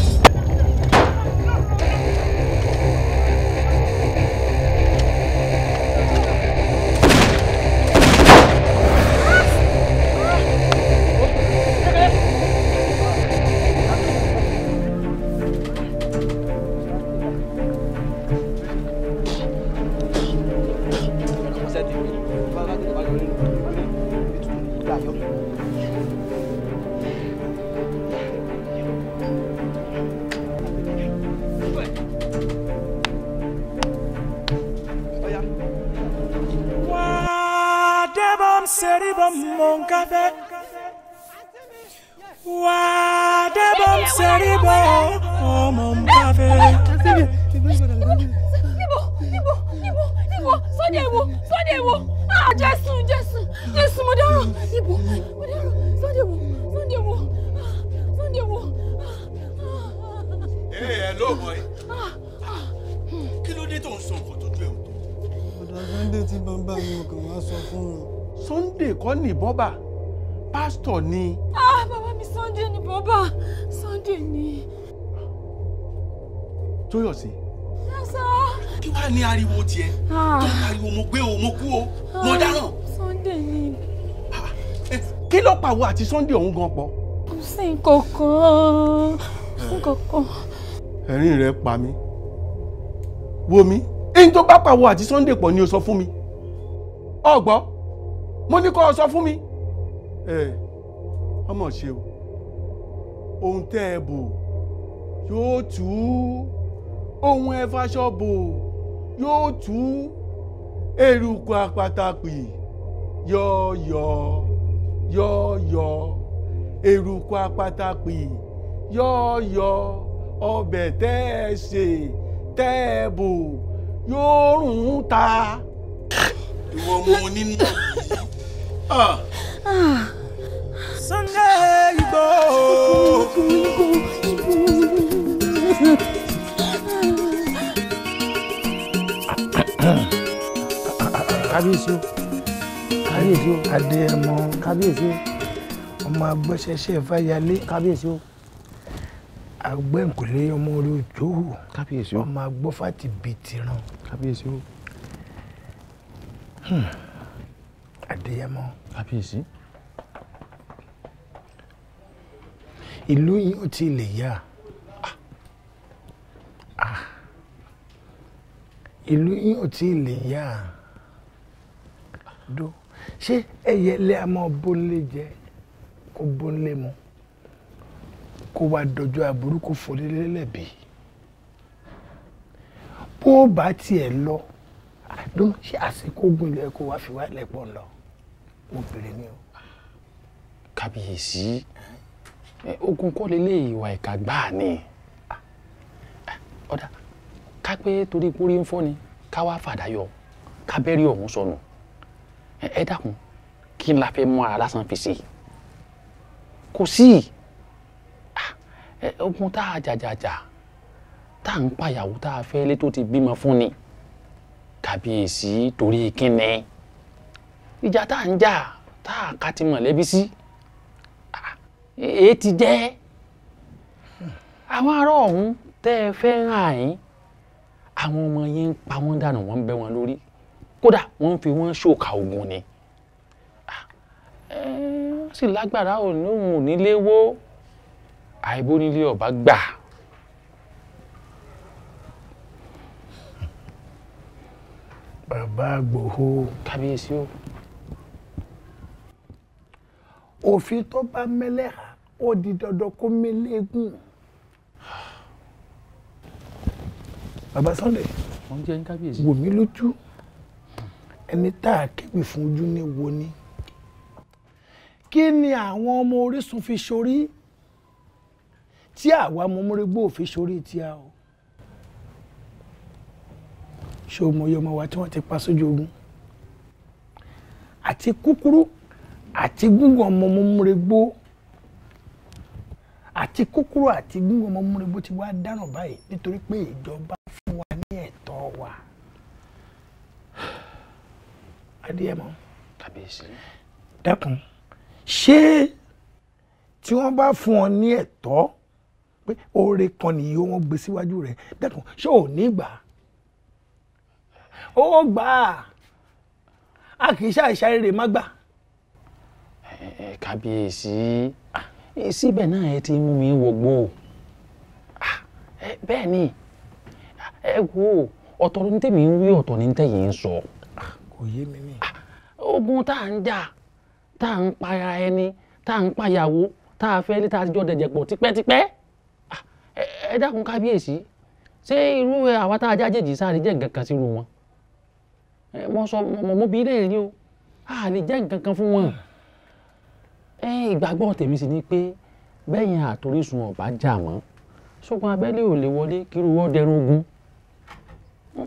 wà á dábọ̀ ń sẹ́rí bọ̀ ọmọ ń bá fẹ́. níbo níbo níbo níbo sọ́dẹ̀ wo sọ́dẹ̀ wo ah, jésù jésù jésù mo dáràn níbo mo dáràn sọ́dẹ̀ wo sọ́dẹ̀ wo sọ́dẹ̀ wo. ẹ ẹ ló mọ ẹ kí ló dé tó ń sọ nǹkan tó ju sunday tí bàbá mi kàn kọ́ ni bọ́bà pásítọ̀ ni. Ah, Sunday ni bọ́bà Sunday ni. Tóyọ̀sí. Yes sir. Kí wàá ní ariwo tiẹ̀? Tó ah. ń pariwo mo gbé o, mo kú o, mo ah, dáràn. Sunday ni. Ah, eh, kí ló pàwọ́ àti Sunday ọ̀hún gan pọ̀? Kò sí nǹkan kan, kò sí nǹkan kan. Ẹ̀rín rẹ̀ pa mí. Wo mi, ẹni tó bá pàwọ́ àti Sunday pọ̀ ni o sọ fún mi. Ọ̀gbọ́n, mo ní kó o sọ fún mi. Ẹ eh, ọmọ ṣe o ohun tẹ́ ẹ bò yóò tú ohun ẹ faṣọ bò yóò tú eruku apatapì yọ̀ọ̀yọ̀ yọ̀ọ̀yọ̀ eruku apatapì yọ̀ọ̀yọ̀ ọbẹ̀ tẹ́ ẹ ṣe tẹ́ ẹ bò yóò rùn ta. ìwọ ọmọ onínú yìí. Ah. Ah. Sunday Igboho. kábíyèsí o kábíyèsí o adéẹmọ kábíyèsí o ọmọ agbẹ́sẹsẹ fàyàlé kábíyèsí o agbẹ́ǹkùlé ọmọ orí òjòwò kábíyèsí o ọmọ agbọ́fà ti bì tìran kábíyèsí o hmm. adéẹmọ kábíyèsí ìlú yìí ò tí ì lè yá ìlú yìí ò tí lè yá do ṣé ẹyẹlé a máa bólé jẹ kó bólé mu kó wá dojú aburú kó forí lélẹ̀bí bó bá tiẹ̀ lọ àdúrà ṣé àsìkò ogun ilé ẹ̀kọ́ fi wá lẹ́pọ̀ lọ mo ni o. kábíyèsí. Si ogun kọ́ lélẹ̀ ìwà ìkà gbáà ni ah, ah, ọ̀dà ká pé torí kúrí ń fọ́ ni ká wá fàdá yọ ká bẹ́rí ọ̀hún sọnù ẹ dákun kí n la fẹ́ mú ara lásán fi sí kò sí ah, ogun tá a jàjàjà tá à ń pàyàwó tá a fẹ́ lé tó ti bímọ fún ni kàbíyèsí torí kíni ìjà tá a ń jà tá a ká ti mọ̀lẹ́bí sí. Si èé ti jẹ́ àwọn ará ọ̀hún tẹ́ ẹ fẹ́ ràn yín àwọn ọmọ yẹn ń pa wọ́n dànù wọ́n ń bẹ́ wọn lórí kódà wọ́n ń fi wọ́n ṣòkà ogun ni ah, wọ́n sì lágbára ò ní òun ò nílé wó àìbó nílé ọba gbà. bàbá Ìgbòho kábíyèsí o òfin tó bá mẹ́lẹ́hà ó di dandan kó mélégùn. bàbá Sunday wò mí lójú ẹni tá a kébì fún ojú ní wo ni kí ni àwọn ọmọ Orísun fi ṣorí tí àwa mọmúrégbò fi ṣorí tí a o ṣé o mọyì ọmọ wa tí wọ́n ti pa sójú ogun àti kúkúrú àti gúngàn ọmọ mọmúrégbò àti kúkúrú àti gúngún ọmọ múrebó ti wá dáràn báyìí nítorí pé ìjọba fún wa ní ẹ̀tọ́ wa. adéyẹmọ kábíyèsí dákun ṣé tí wọ́n bá fún ọ ní ẹ̀tọ́ pé oore kan nìyí wọ́n gbé síwájú rẹ̀ dákun ṣé ò ní gbà ó gbà á kì í ṣàìṣàrere má gbà. ẹ ẹ kábíyèsí ah Eh, síbẹ̀ náà ẹ ti mú mi wọgbó ah, bẹ́ẹ̀ ni ẹ wo ọ̀tọ̀ ní tèmi ń wí ọ̀tọ̀ ní tẹ̀yìn ń sọ. Ah, kò yé mi mi. Ah, ogun tá à ń jà tá à ń para ẹni tá à ń payàwó tá a fẹ́ lé tá a ti jọ dẹ̀jẹ̀ pọ̀ tipẹ́tipẹ́ ẹ dákun kábíyèsí ṣé irú àwa tá a jájèjì sáré jẹ́ nǹkan kan sírú wọn mo sọ mo mú bí lẹ́yìn ni o a lè jẹ́ nǹkan kan fún wọn ẹ ìgbàgbọ́ tèmi sì ni pé bẹ́yìn àtòrísun ọ̀bá jà mọ́ ṣùgbọ́n abẹ́lé ò lè wọlé kírú wọ́n dẹrun ogun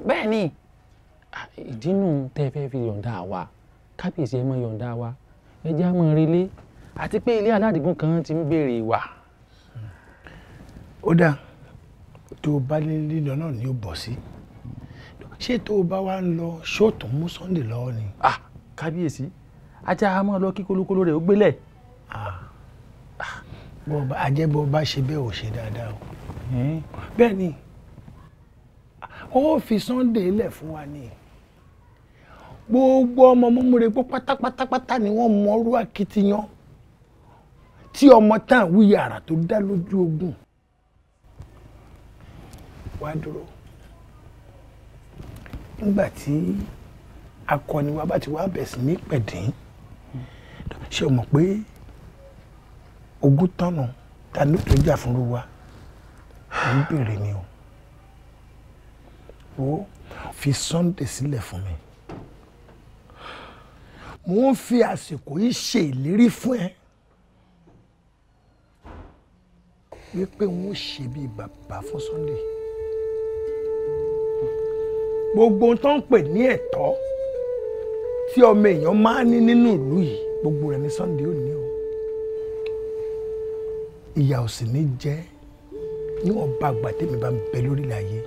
bẹ́ẹ̀ ni ìdínú tẹ́ fẹ́ fi yọ̀ǹda wa kábíyèsí ẹ mọ yọ̀ǹda wa ẹ jẹ́ àmọ́ relé àti pé ilé aládìgún kan ti ń béèrè wa. ó dáa tó o bá lé lílọ náà ni ó bọ̀ sí ṣé tó o bá wá ń lọ ṣóòtún mú Sunday lọ́wọ́ ni. ah kábíyèsí ajá a máa lọ kí kolokolo rẹ̀ ó gbélẹ̀ bọ́ọ̀bá àjẹbọ́ bá ṣe bẹ́ẹ̀ ò ṣe dáadáa o bẹ́ẹ̀ ni ó fi Sunday lẹ̀ fún wa ni gbogbo ọmọ mọ́múre pọ́ pátápátápátá ni wọ́n mọ ọrú akitiyan tí ọmọ tán wíyà àrà tó dá lójú ogun wá dúró nígbà tí akọni wa bá ti wá bẹ̀ sí ní pẹ̀dín ṣe mọ̀ pé ogún tọ̀nà ta ló tó jà fún wa ń bèrè ni o wo fi Sunday sílẹ̀ fún mi mo ń fi àsìkò yìí ṣe ìlérí fún ẹ wípé n ó ṣe bíi bàbá fún Sunday gbogbo tó ń pè ní ẹ̀tọ́ tí ọmọ èèyàn máa ní nínú ìlú yìí gbogbo rẹ̀ ní Sunday ò ní o ìyà ò sì ní jẹ́ níwọ̀n bá àgbà tèmi bá ń bẹ lórí láyé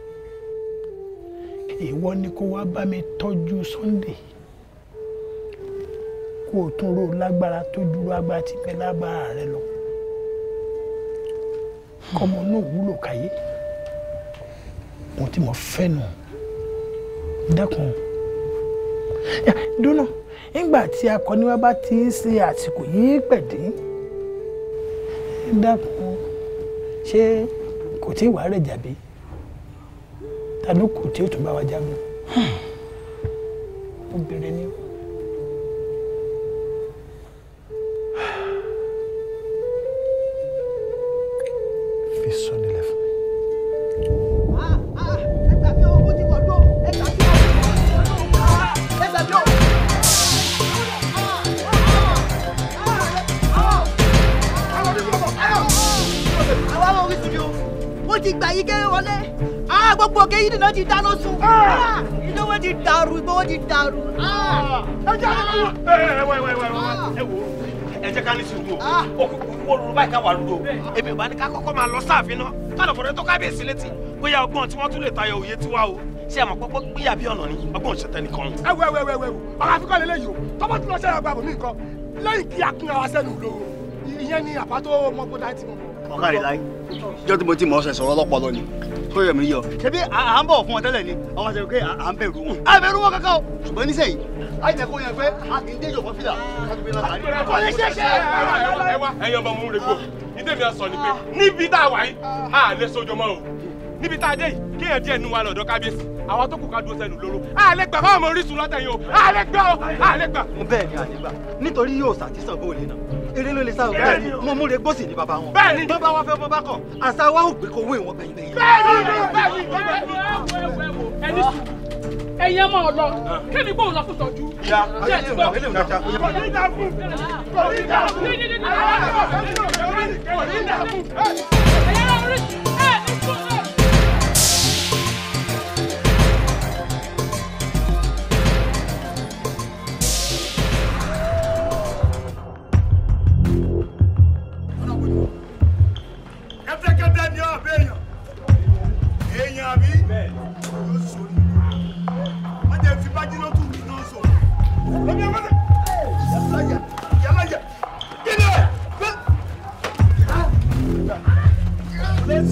ìwọ ni kó wá bá mi tọ́jú Sunday kó o tún rò lágbára tó dúró agbára tí bẹ lágbára rẹ lọ kọ́mọ náà wúlò káyé ohun tí mo fẹ́ nù dẹ́kun dúnà nígbà tí akọni wa bá ti ń ṣe àsìkò yìí pẹ̀dín ẹ dákun ṣé kò tí ì wá rẹ̀ jàbí tàbí kò tí ì tún bá wa jagun hmm. obìnrin ni ó. wọlé ah, gbogbo òkè yìí nìyẹn ti dáná sun ìdánwò ah! ah, ti dàrú ìgbówó ti dàrú. ẹ jẹ́ àlejò ẹ wẹ wẹ wẹ ẹ wò ó ẹ jẹ́ ká ní sùúrù o òkùnkùn wó lulú báyìí ká wà lulú o èmi ò bá ní ká kọ́kọ́ máa lọ sáàfin náà ká lọ fọdẹ tó kábíyèsí létí bóyá ọgbọ́n tí wọ́n tún lè tayọ òye tiwa o ṣé àmọ́ pọ́pọ́ gbéyà bí ọ̀nà ni ọgbọ́n òṣètẹ́ nìkan. ẹ wẹ wẹ wẹ wẹ o ọ̀rọ̀ àfikọ́ lè léyìí o tọ́pọ̀ tí wọ́n ṣe àgbà bò mí nǹkan lẹ́yìn kí a kún ara sẹ́nu lò ó ìyẹn ni àbá tó mọ́gbó láì ti mọ̀. ọ̀gá rẹ̀ jọ́ tí mo ti mọ̀ ọ́sẹ̀ sọ̀rọ̀ ọlọ́pàá ni tó yẹ mi yọ. ṣebí à ń bọ̀ fún ọ tẹ́lẹ̀ ni àwọn àṣẹ pé à ń bẹ̀rù wọn. a bẹ̀rù wọn kankan o ṣùgbọ́n níṣẹ́ yìí a jẹ kó yẹ pé a kì í dé ìjọba fìlà. kò lè ṣe ṣe. ẹ wá ẹyọ ọmọ múre gbò ní tèmi à sọ ni pé níbi tá a wà yìí a lè sojọ mọ o níbi tá a dé yìí kéèyàn díẹ̀ nu wa lọ́dọ̀ kábíyèsí àwa tó kù ká dúró sẹ́nu lóró a lè gbà fáwọn ọmọ Orísun lọ́tẹ̀ yìí o a lè gbà o a lè gbà. bẹ́ẹ̀ ni a nítorí yóò ṣàtìsàn bóòlì náà eré ló lè sá o bẹ́ẹ̀ni mo mú re gbòsì ní bàbá wọn bẹ́ẹ̀ni tó bá wọn fẹ́ bọ́ bá kọ̀ àṣà wa ò gbé kó wé wọn gbẹ̀yìn gbẹ̀yìn. bẹ́ẹ̀ni bẹ́ẹ̀ni bẹ́ẹ̀ni ẹni sùn ẹyin ẹ máa lọ kẹ́mi gbóhùn lọ fún tọ́jú. ìyá ayé ìwà ilé ìwà ìjà kò ní dà fún kò ní dà fún kò ní dà fún. àbí yóò sori wọ́n jẹ́ fi bájí ló tún nínú sọ̀rọ̀ lọ́bí ẹ̀ mọ́tẹ́ yàrá yà yàrá yà kí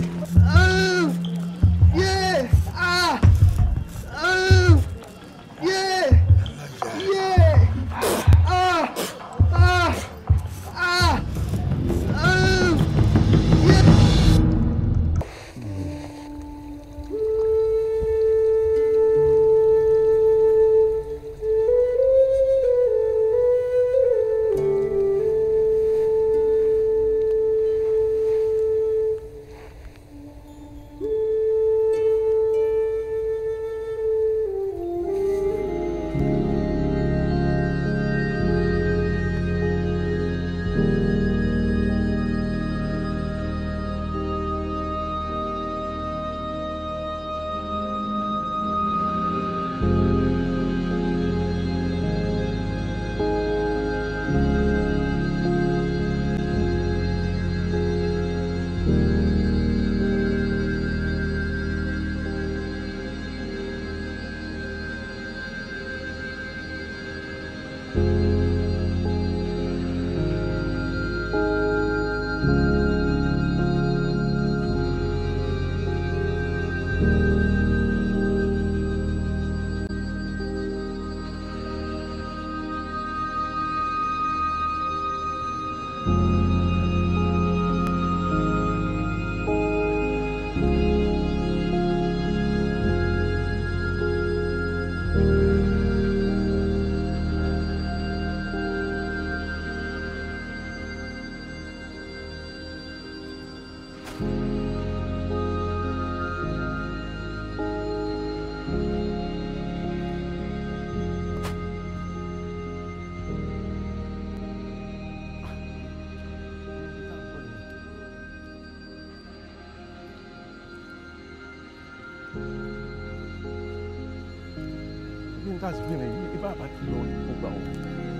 káàsìbìnrin yìí ibà bá ti lọ ní gbogbo àwọn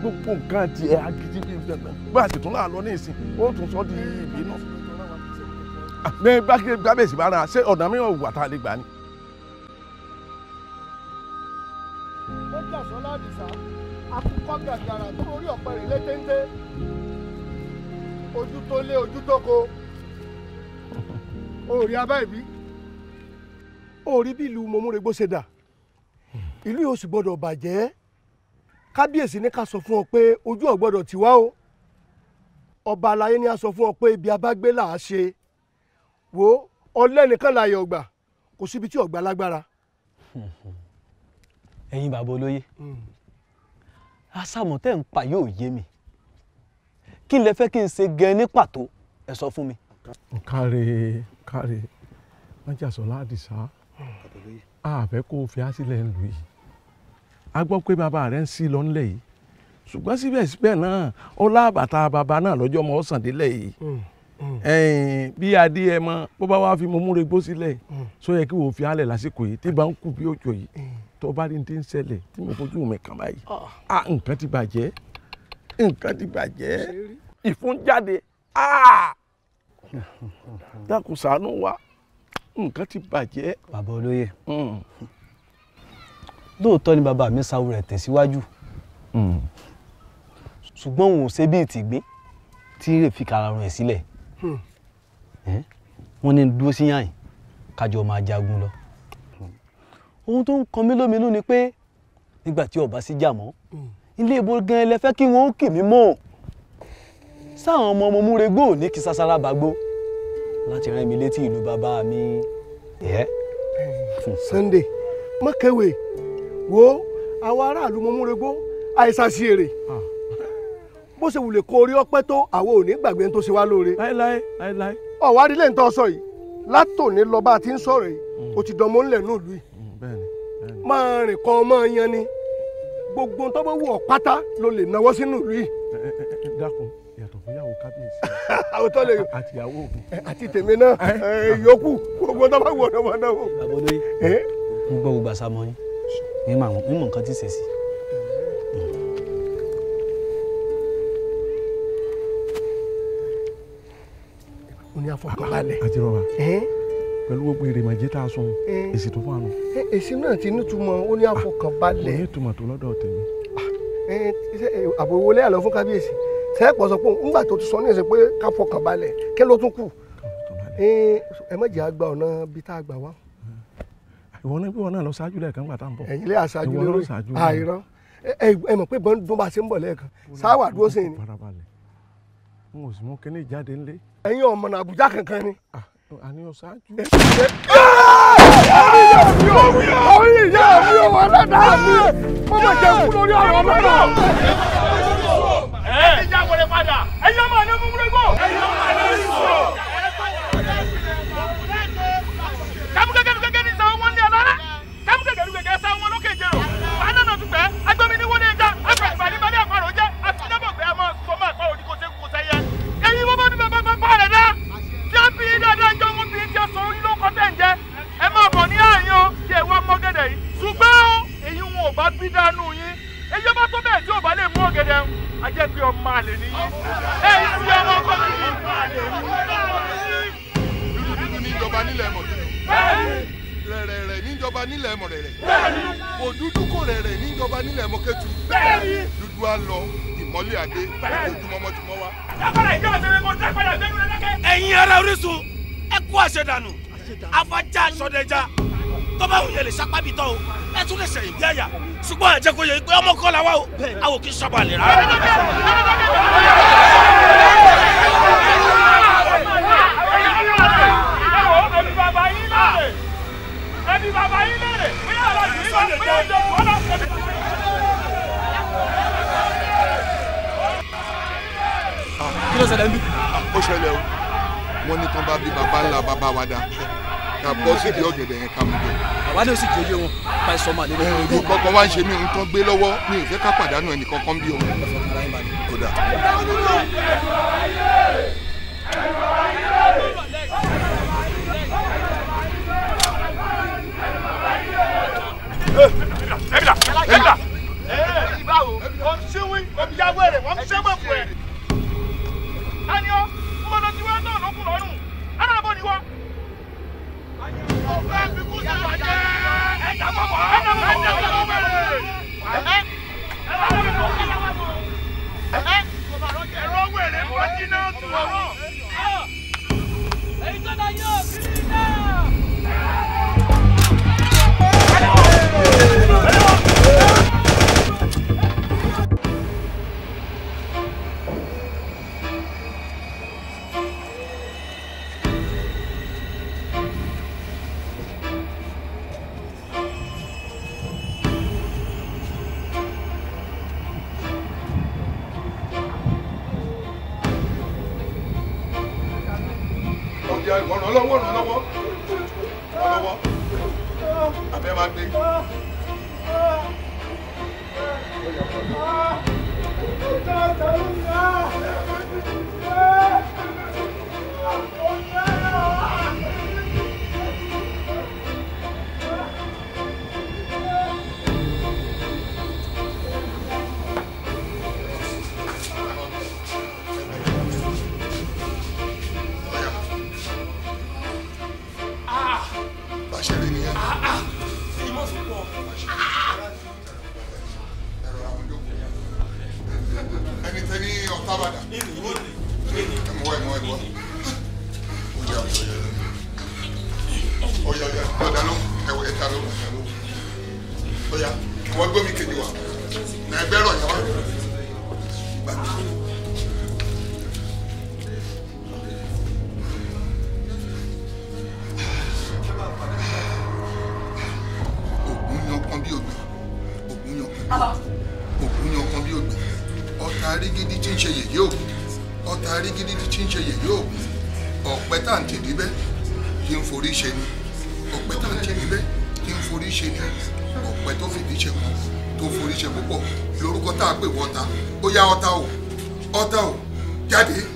gbogbo nǹkan tiẹ̀ agidi bíi gbẹgbẹ bá a sì tún láà lọ ní ìsìn ó tún sọ di ìbínú. bẹ́ẹ̀ gbábẹ́sì bá ra ṣé ọ̀nà mìíràn wà tá a lè gbà ni. ó jà sọ́lá àdìsá akúkọ gàgàrà tó orí ọ̀pẹ rẹ̀ lé ojú tó lé ojú tó ko òòrí abá ìbí òòrí bí ìlú mọ̀múrẹ́gbó ṣe dà ìlú yóò sì gbọ́dọ̀ bàjẹ́ kábíyèsí ní ká sọ fún ọ pé ojú ò gbọ́dọ̀ tì wá o ọba aláyé ní a sọ fún ọ pé ibi abágbé là á ṣe wo ọlẹ́nìkan láàyè ọgbà kò síbi tí ọgbà lágbára. ẹ̀yin bàbá olóyè hmm. asámọ̀tẹ́ ń pa yóò yé mi kí lẹ fẹ́ kí n ṣe gan ní pàtó ẹ sọ fún mi. káre káre wọn jà sọ láàdì sá àbẹ hmm. kó o fi á ń lù yìí a gbọ́ pé bàbá rẹ̀ ń sí lọ ńlẹ̀ yìí ṣùgbọ́n síbẹ̀síbẹ̀ náà ọlá bàtà bàbá náà lọ́jọ́ ọmọ ọ̀sán délẹ̀ yìí mm, mm. bí adé ẹ mọ bó bá wàá fi mọ́mú regbó sílẹ̀ sọ mm. yẹ kí wò ó fi hálẹ̀ lásìkò yìí tí bá ń kú bí òjò yìí tó bá rí ní tí ń ṣẹlẹ̀ tí mo fojú mi kàn báyìí a ah. ah, nǹkan ti bàjẹ́ nǹkan ti bàjẹ́ ìfúnjáde ah! dákun ṣàánú wa nǹkan ti bàjẹ́. bàbá olóye hmm lóòótọ́ ni bàbá mi sáwó rẹ̀ tẹ̀síwájú hmm. ṣùgbọ́n òun ò ṣe bí ìtìgbín tí rè fi kara rẹ̀ sílẹ̀ hmm. wọ́n ní dúró sí yàn kájọ máa jagun lọ. ohun tó ń kan mí lóminú ni pé nígbà tí ọba sì jà mọ́ hmm. ilé ìbò gan-an lẹ fẹ́ kí wọ́n kì mí mọ́ sáwọn ọmọ ọmọ múre gbòò ní kí sásárá bàgbó láti rán mi létí ìlú bàbá mi. Sunday mọ́kẹ́wèé wo àwọn aráàlú mo múregbó àìsàn sí èrè ah. bó ṣe wùlé kó orí ọpẹ́ tó àwọn ò ní gbàgbé tó ṣe wá lóore. láéláé láéláé. ọ̀wá rí lẹ́yìn tó sọ yìí látòní lọ bá a ti ń sọ̀rọ̀ yìí o mm. ti dánmọ́ ńlẹ̀ náà lù yìí. Mm, máa rìn kan máa yan ni gbogbo tó bá wù ọ́ pátá ló lè náwó sínú ìlú yìí. Eh, eh, eh, dákun yàtọ̀ fún yàwó kábíyèsí. *laughs* àwọn tó lè àtìyàwó òkú. àti tèmi náà yòókù gbogbo tó bá wù ọ́ náwó àbọ̀dé gbogbo gbàsámọ́ ní màmú ní mọ̀ nǹkan tí ṣe sí. ó ní àfọkànbalẹ̀ àti rọba pẹ̀lú gbogbo èrèmọ̀jẹ́ tá a sọ èsì tó fún àná. èsì náà ti nítumọ̀ ó ní ah, àfọkànbalẹ̀. ó ní ìtumọ̀ tó lọ́dọ̀ tèmi. Ah, àbò ìwọlé àlọ́ fún kábíyèsí sẹ́ẹ̀pọ̀ sọ pé ńgbà tó ti sọ ní ẹ̀sìn pé ká fọkànbalẹ̀ kí ló tún kù ẹ má jẹ́ àgbà ọ̀nà bíi tá a gbà wá ìwọ náà ìwọ náà lọ ṣáájú lẹ́ẹ̀kan gbà tá à ń bọ̀. ẹ̀yin lé aṣáájú lérò àìrọ ẹ mọ̀ pé bọ́n bá ṣe ń bọ̀ lẹ́ẹ̀kan sáwà dúró sí ni. farabalẹ̀ n ò sì mú kíní jáde ńlé. ẹ̀yin ọmọ náà Àbújá kankan ni. àní o ṣáájú. orí ìyá kú lórí ọ̀rọ̀ náà. ti dànù yín èyí bá tó bẹ́ẹ̀ tí ò bá lè mú ọ̀gẹ̀dẹ̀ ń a jẹ́ pé ọmọ àlè ni yín ẹ ẹ sí ọmọ ọkọ mi ní ọmọ àlè dúdú dúdú níjọba nílẹ̀ mọ̀ rẹ̀rẹ̀rẹ̀ níjọba nílẹ̀ mọ̀ rẹ̀rẹ̀ kò dúdú kò rẹ̀rẹ̀ níjọba nílẹ̀ mọ̀ kẹ́tù dúdú á lọ ìmọ́lẹ̀ àdé ojoojúmọ́mọ́ ti mọ́ wa. dábàrà ìjọba ṣe kó dábàrà ìjọba ṣe kó. ẹ̀yin ará Orísun ẹ kú àṣẹ dànù afajà sọdẹjà tọ́ba òun yẹn lè sapá bìtọ́ o ẹ tún lè ṣẹ̀yìn bí àyà ṣùgbọ́n ẹ jẹ́ kó yẹ pé ọmọ kọ́ la wá o àwọn kì í sọ̀bọ̀ àlè rárá. ẹbí bàbá yín lèrè ẹbí bàbá yín lèrè bóyá ọ̀rọ̀ kí ló ṣẹlẹ̀ ń bí. ó ṣẹlẹ̀ o wọ́n ní tán bá bí baba ńlá baba wa dá ká bọ́ síbi ọ̀gẹ̀dẹ̀ yẹn ká mú bọ̀. àwa náà sì jẹ́jẹ́ wọn pa ẹ̀sọ́ máa lé lọ́wọ́. ẹ̀rù kọ̀ọ̀kan wá ń ṣe mí ohun tó gbé lọ́wọ́ mi ìfẹ́ ká pàdánù ẹnì kankan bí òun. kódà. ẹ̀bìlà ẹ̀bìlà ẹ̀bìlà ẹ̀bìlà wọ́n ń ṣẹ́wé wọ́n ń ṣẹ́wé fún ẹ̀. ẹ̀rọ wẹ̀rẹ̀ wọ́n jiná tu ọ̀rọ̀. rí gidigidi tí ń ṣe yèyé ògùn ọ̀pẹ tá à ń tèdí bẹ́ kí n forí ṣe ni ọ̀pẹ tá à ń tèdí bẹ́ kí n forí ṣe ni ọ̀pẹ tó fìdí ṣe pọ̀ tó forí ṣe púpọ̀ lórúkọ tá a pè wọ́ta ó yá ọ̀tá o ọ̀tá o jáde.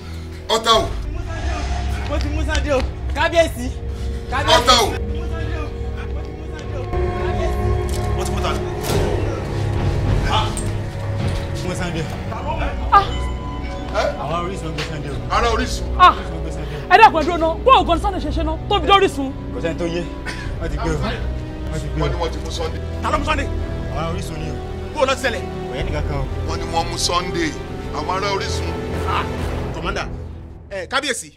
lórísun. kò sẹ́ni tó yé wọ́n ti gbé o wọ́n ti gbé o. wọ́n ní wọ́n ti mú Sunday. ta ló mú Sunday. àwọn Orísun ni o. kó o lọ ṣẹlẹ̀. kò yẹ nìkan kan o. wọ́n ní wọ́n mú Sunday àwọn ará Orísun. kọ̀mọ́ndà ẹ kábíyèsí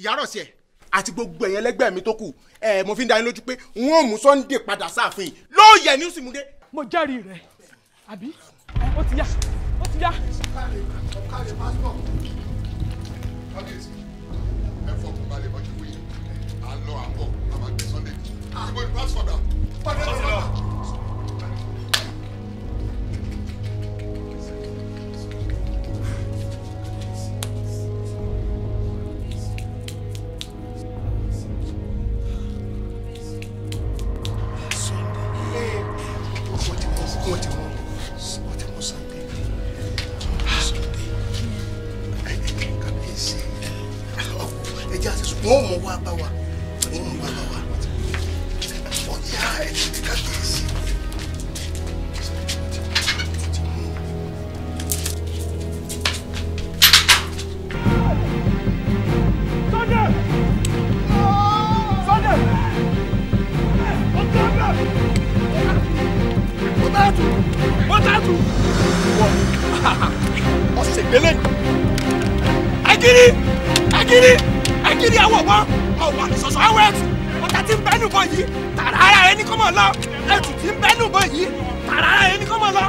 ìyárọ̀ sí àti gbogbo ẹ̀yẹn lẹ́gbẹ̀ẹ́ mi tó kù ẹ mo fi ń dá yín lójú pé n ó mú Sunday padà sáàfin lóòyẹ ní sùmùdé. mo jẹ́rìí rẹ̀ àbí ó ti yá ó ti yá. kábíyèsí I'm going to Sunday. pass for that. Pass it up. ṣe gbélé agiri agiri agiri awọ wọn ọwọ àdìsọsọ awọ ẹtù ọ̀tá tí ń bẹnu bọ yìí tààrà ara ẹni kọmọ lọ ẹtù tí ń bẹnu bọ yìí tààrà ara ẹni kọmọ lọ.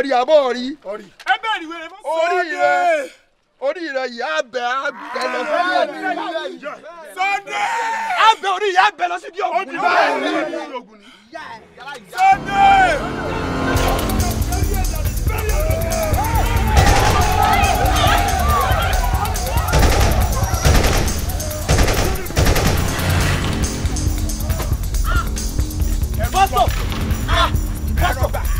ọrí àbọ̀ ọrí. ẹ bẹ́ẹ̀ ni wẹ́rẹ́ fún sọ́ọ́dì rẹ orí rẹ yìí abẹ abẹ lọ sí di ogun. Sunday. abẹ orí yìí abẹ lọ sí di ogun. ojú bá ogun ni. Sunday. Bọ́sọ̀! Ah! Bọ́sọ̀!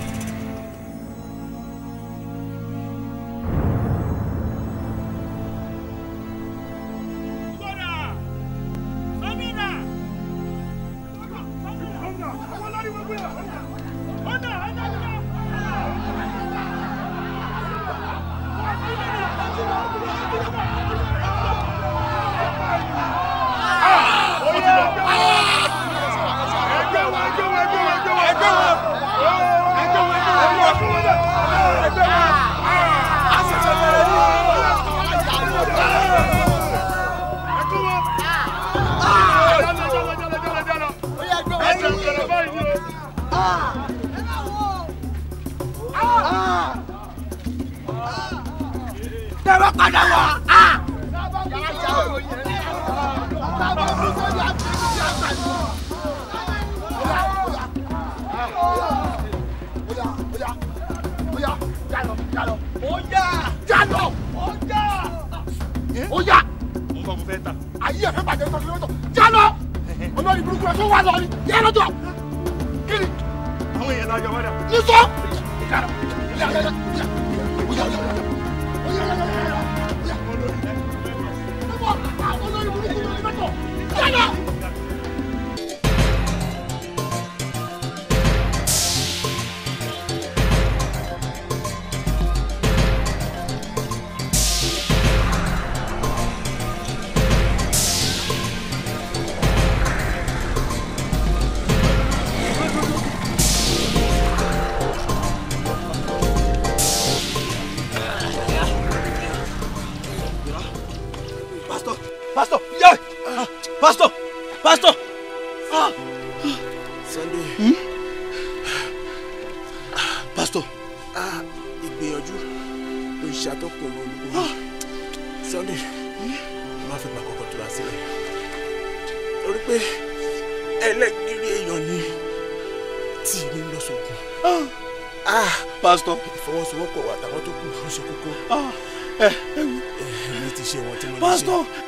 padà wá. Oya! Nǹkan mo fẹ́ ta. Ayé ẹ̀fẹ́ bàjẹ́ nǹkan Olórí burúkú rẹ̀ tó wà lọ ni. Jálọ jọ! Kí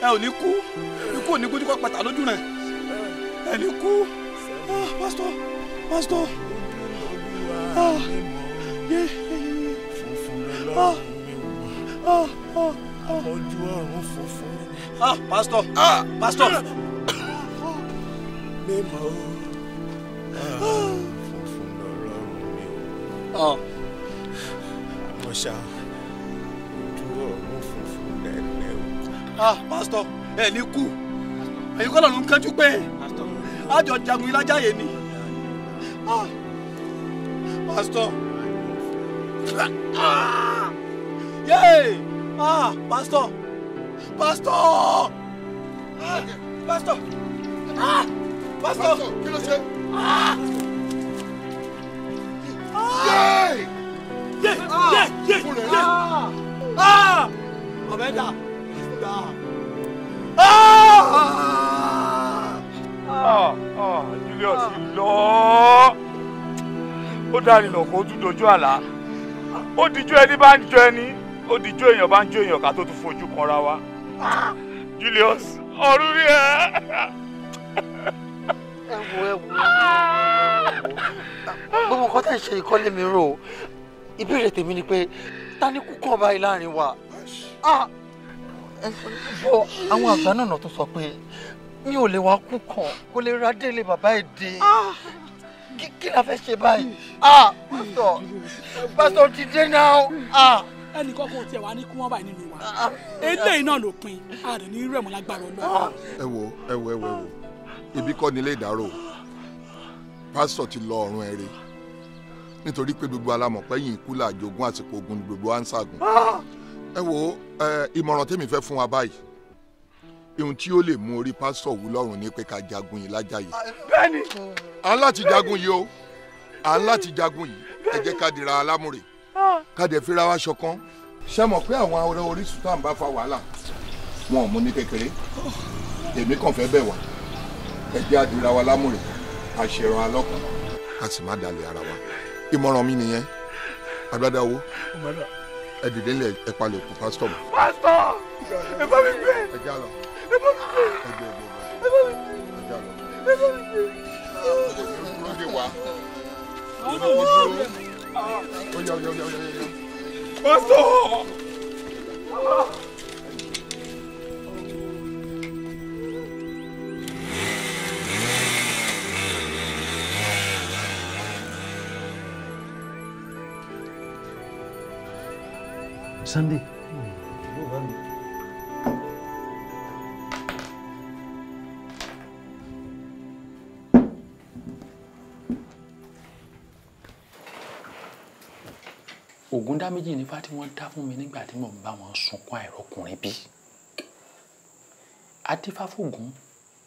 ẹ ò ní kú ikú ò ní kú dípò pàtà lójú rẹ ẹ ní kú pásítọ̀ ah, pásítọ̀ ah, yé funfun lọ́lọ́run ọmọjú ọ̀run funfun. pásítọ̀ pásítọ̀. funfun lọ́lọ́run mi àmọ́ ṣá ojú ọ̀run funfun lẹ́nu ah pásítọ̀ ẹ ní kú èyí kọ́ lọ́nà ń kánjú pé àjọ jagun ilájàyè ni ah pásítọ̀ ah yéé ah pásítọ̀ pásítọ̀ ah pastor, ah pastor. kí ló ṣe ah yeah, yeah, yeah, yeah. ah ọ̀bẹ dà. God. Ah! Ah, ah, Julius, oh, Ó dárí oh, kó tún dojú àlá. Ó oh, ẹni bá ń jọ ẹni. oh, dijú èèyàn bá ń jó èèyàn ká tó tún fojú kanra wa. Julius, oh, rí ẹ. Ẹ wo ẹ wo. Gbogbo nǹkan tẹ̀ ń ṣe ìkọ́lé mi rò. Ìbéèrè tèmi ni pé ta ni kúkọ́ báyìí láàrin wa? Ah! bọ àwọn àgbà náà nà tó sọ pé mi ò lè wá kú kàn kó lè ra délé bàbá ẹ̀ dé ah. kí la fẹ́ ṣe báyìí ah pásítọ̀ pásítọ̀ ti dé náà ah ẹnìkan kò tiẹ̀ wá ní kí wọ́n báyìí nínú wa ah, ah. eléyìí náà ló pin àdùn ní rẹ̀ mọ́ lágbára ọlọ́run. ẹ wo ẹ wo ẹ wo ẹ wo ibi kọ́ ni ilé ìdárò pásítọ̀ ti lọ ọ̀run ẹ̀rẹ́ nítorí pé gbogbo alamọ̀pẹ́yìn ikú làjogún àsìkò ogun gbogbo à ẹ wo ìmọ̀ràn tèmi fẹ́ fún wa báyìí ohun tí ó lè mú orí pásítọ̀ wù lọ́rùn ni pé ká jagun yìí lájà yìí. bẹ́ẹ̀ni. à ń láti jagun yìí o à ń láti jagun yìí ẹ jẹ́ ká dira alámúre ká dẹ̀ fira wa ṣọ̀kan ṣe mọ̀ pé àwọn ọ̀rẹ́ Orísun tá à ń bá fa wàhálà wọn ò mú ní kékeré èmi kàn fẹ́ bẹ̀ wá ẹ jẹ́ àdúrà wa lámúre àṣẹrọ alọ́kàn a sì má dalẹ̀ ara wa ìmọ̀ràn mi nìyẹn agbádá ẹ dìde ńlẹ̀ ẹ palẹ̀ òkú pásítọ̀ mi. ẹ bá mi gbé. ẹ já lọ. ẹ bá mi gbé. ẹ gbé ẹ gbé ẹ já lọ. ẹ bá mi gbé. olú dúró de wa. olú dúró de wa. ó yá ó yá ó yá ó yá. pásítọ̀. Sunday. ògùn dá méjì nífà tí wọ́n dá fún mi nígbà tí mò ń bá wọn sunkún àìrọ́kùnrin bí adífáfógún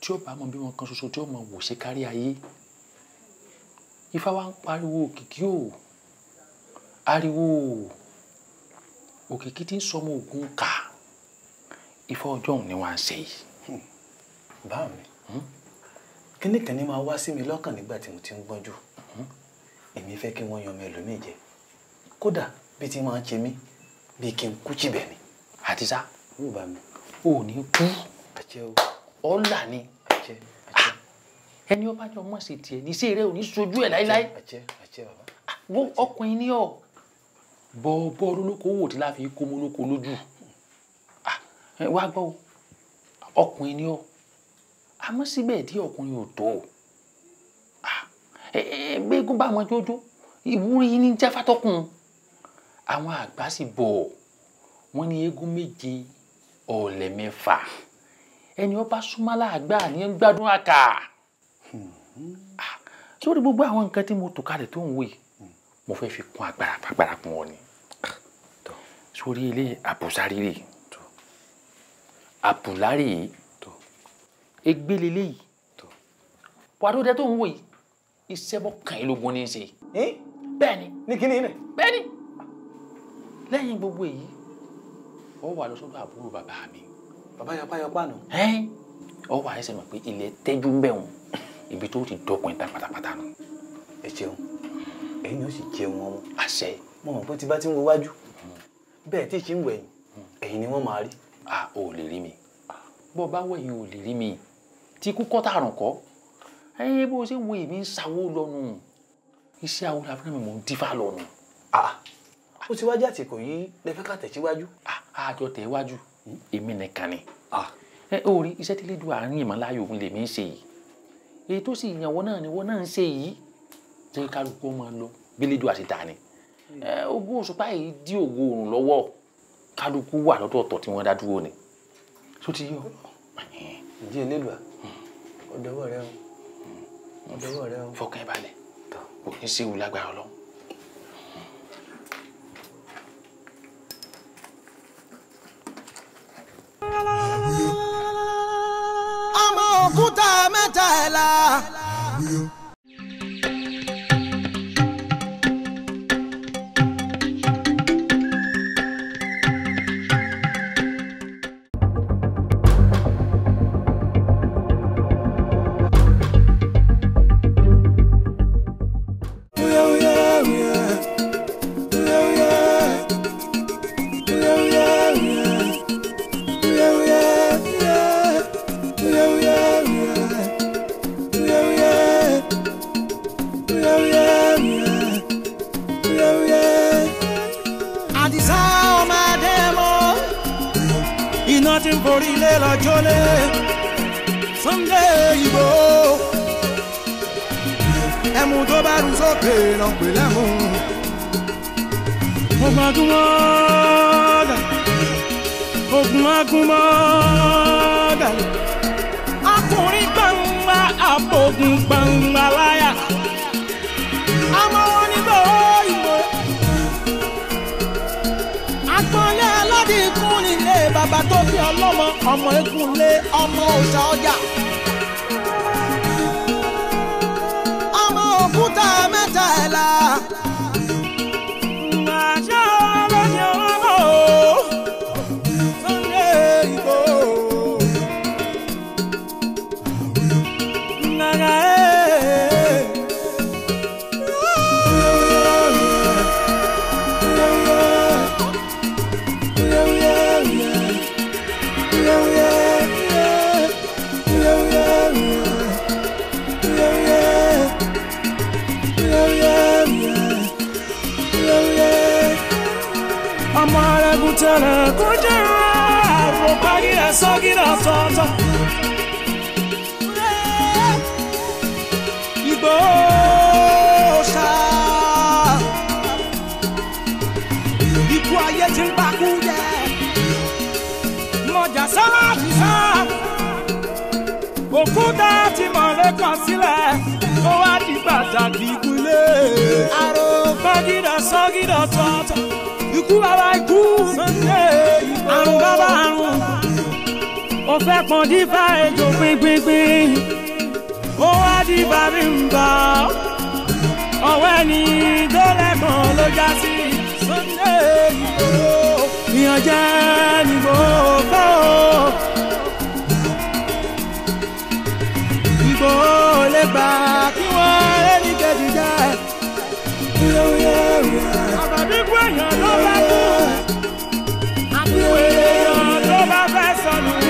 tí ó bá mọ bí wọn kan ṣoṣo tí ó mọ wò ṣe kárí ayé ifá wa ń pariwo òkìkí o ariwo o òkìkí tí ń sọmọ ògùn kà ifá ọjọ́ òun ni wọ́n á ṣe yìí. bá mi kíní kan ní máa wá sí mi lọ́kàn nígbà tí mo ti ń gbọ́njú hmm. èmi fẹ́ kí wọ́n yan ọmọ ẹlòmíì jẹ kódà bí ti máa ń ṣe mí bí kí n kú tìbẹ̀ ni. àti sá wò bá mi ò ní kú ọ̀là ni ah! ẹni ọba jọ mọ̀ sí tiẹ̀ ní sí eré ò sojú ẹ̀ láéláé ah! wo ọkùnrin ni ọ́ bọ́ọ̀bọ́ olókoòwò tí láfi kó mọ́lókó lójú wá gbọ́ ọkùnrin ni ọ́ àmọ́ síbẹ̀ tí ọkùnrin ò tó gbégún bá wọn jójó ìwúrí ní jáfátọ́kùn àwọn àgbà sì bọ̀ wọ́n ní eégún méje ọ̀lẹ̀ mẹ́fà ẹni ọba súnmọ́lá àgbà ní ń gbádùn àkà sórí gbogbo àwọn nǹkan tí mo tò kalẹ̀ tó ń wò yìí mo fẹ́ fi kún agbára pàgbára kún ọ ni sórí ilé àbùsárì rè apulari, yìí egbélé léyìí pàtó tẹ tó ń wò yìí iṣẹ́ bọ́ kàn yín lógún ní í ṣe. bẹ́ẹ̀ ni ní kíní rẹ̀. bẹ́ẹ̀ ni lẹ́yìn gbogbo èyí ó wà lọ sọ́dọ̀ àbúrò bàbá mi. bàbá yapa yapa nù. ó wà ẹsẹ̀ mọ̀ pé ilẹ̀ tẹ́jú ń bẹ̀ wọn ibi tó ti dọ́kun ìta pátápátá nù. ẹ jẹun ẹ̀yin ó sì jẹun ọmọ. àṣẹ. mo mọ̀ pé tí bá ti ń wo wájú bẹ́ẹ̀ tí ṣe ń wẹ̀yìn ẹ̀yìn ni wọ́n máa rí. a ò lè rí mi bó o bá wẹ̀yìn ò lè rí mi tí kú kọ́ tààrùn kọ́ ẹ̀yìn bó o ṣe ń wo èmi ń sawó lọ́nu iṣẹ́ awo la fẹ́ràn mi mò ń dífá lọ́nu. ó ti wájú àtìkò yìí lè fẹ́ ká tẹ̀síwájú. àjọ tẹ̀ wájú èmi nìkan ni ẹ ò rí iṣẹ́ tílé du àárín ìmọ̀láyò òun lèmi ń ṣe yìí èyí tó sì yàn náà ni wọ́n náà ń ṣe yìí ṣé kálukú ọmọ lọ bílédùn àti tani ogún òṣùpá yìí dí ògo oòrùn lọ́wọ́ kálukú wà lọ́tọ̀ọ̀tọ̀ tí wọ́n dá dúró ni. tó ti yọ ìdí elélu ọ̀dọ́wọ́ hmm. rẹ o ọ̀dọ́wọ́ hmm. rẹ o. fọkàn ẹ kò ní sí ìwú lágbára ọlọ́run. ọmọ òkúta mẹ́ta ẹ̀ la. lọ́jọ́lé Sunday Igboho ẹmu tó bá rú sókè lọ pè lẹ́mu. ogun agunmọ́dà ogun agunmọ́dà ọkùnrin gbangba àbògùn gbangba. ọmọ ekunle ọmọ òòṣà ọjà ọmọ òkúta mi. na kujera sogira tonto Igbo sha Ikú ayé ti ń pakú jẹ Mọ̀jà sábà ti sá Òkúta ti mọ̀lé kan sílẹ̀ Tó wá di pàtàkì ìpínlẹ̀ Àrò Pagida sọ́gidà tọ́tọ́ ikú bàbá ikú àrùn bàbá àrùn ó fẹ́ pọn dífá ejò pínpínpín ó wá dífá mi ń bá ọwọ́ ẹni tó lẹ́kàn ló já sí ìyànjẹ́ ni mo fẹ́ o ìbò lè gbà èèyàn ló bá kú àbí wèrè èèyàn ló bá fẹ́ sọnù.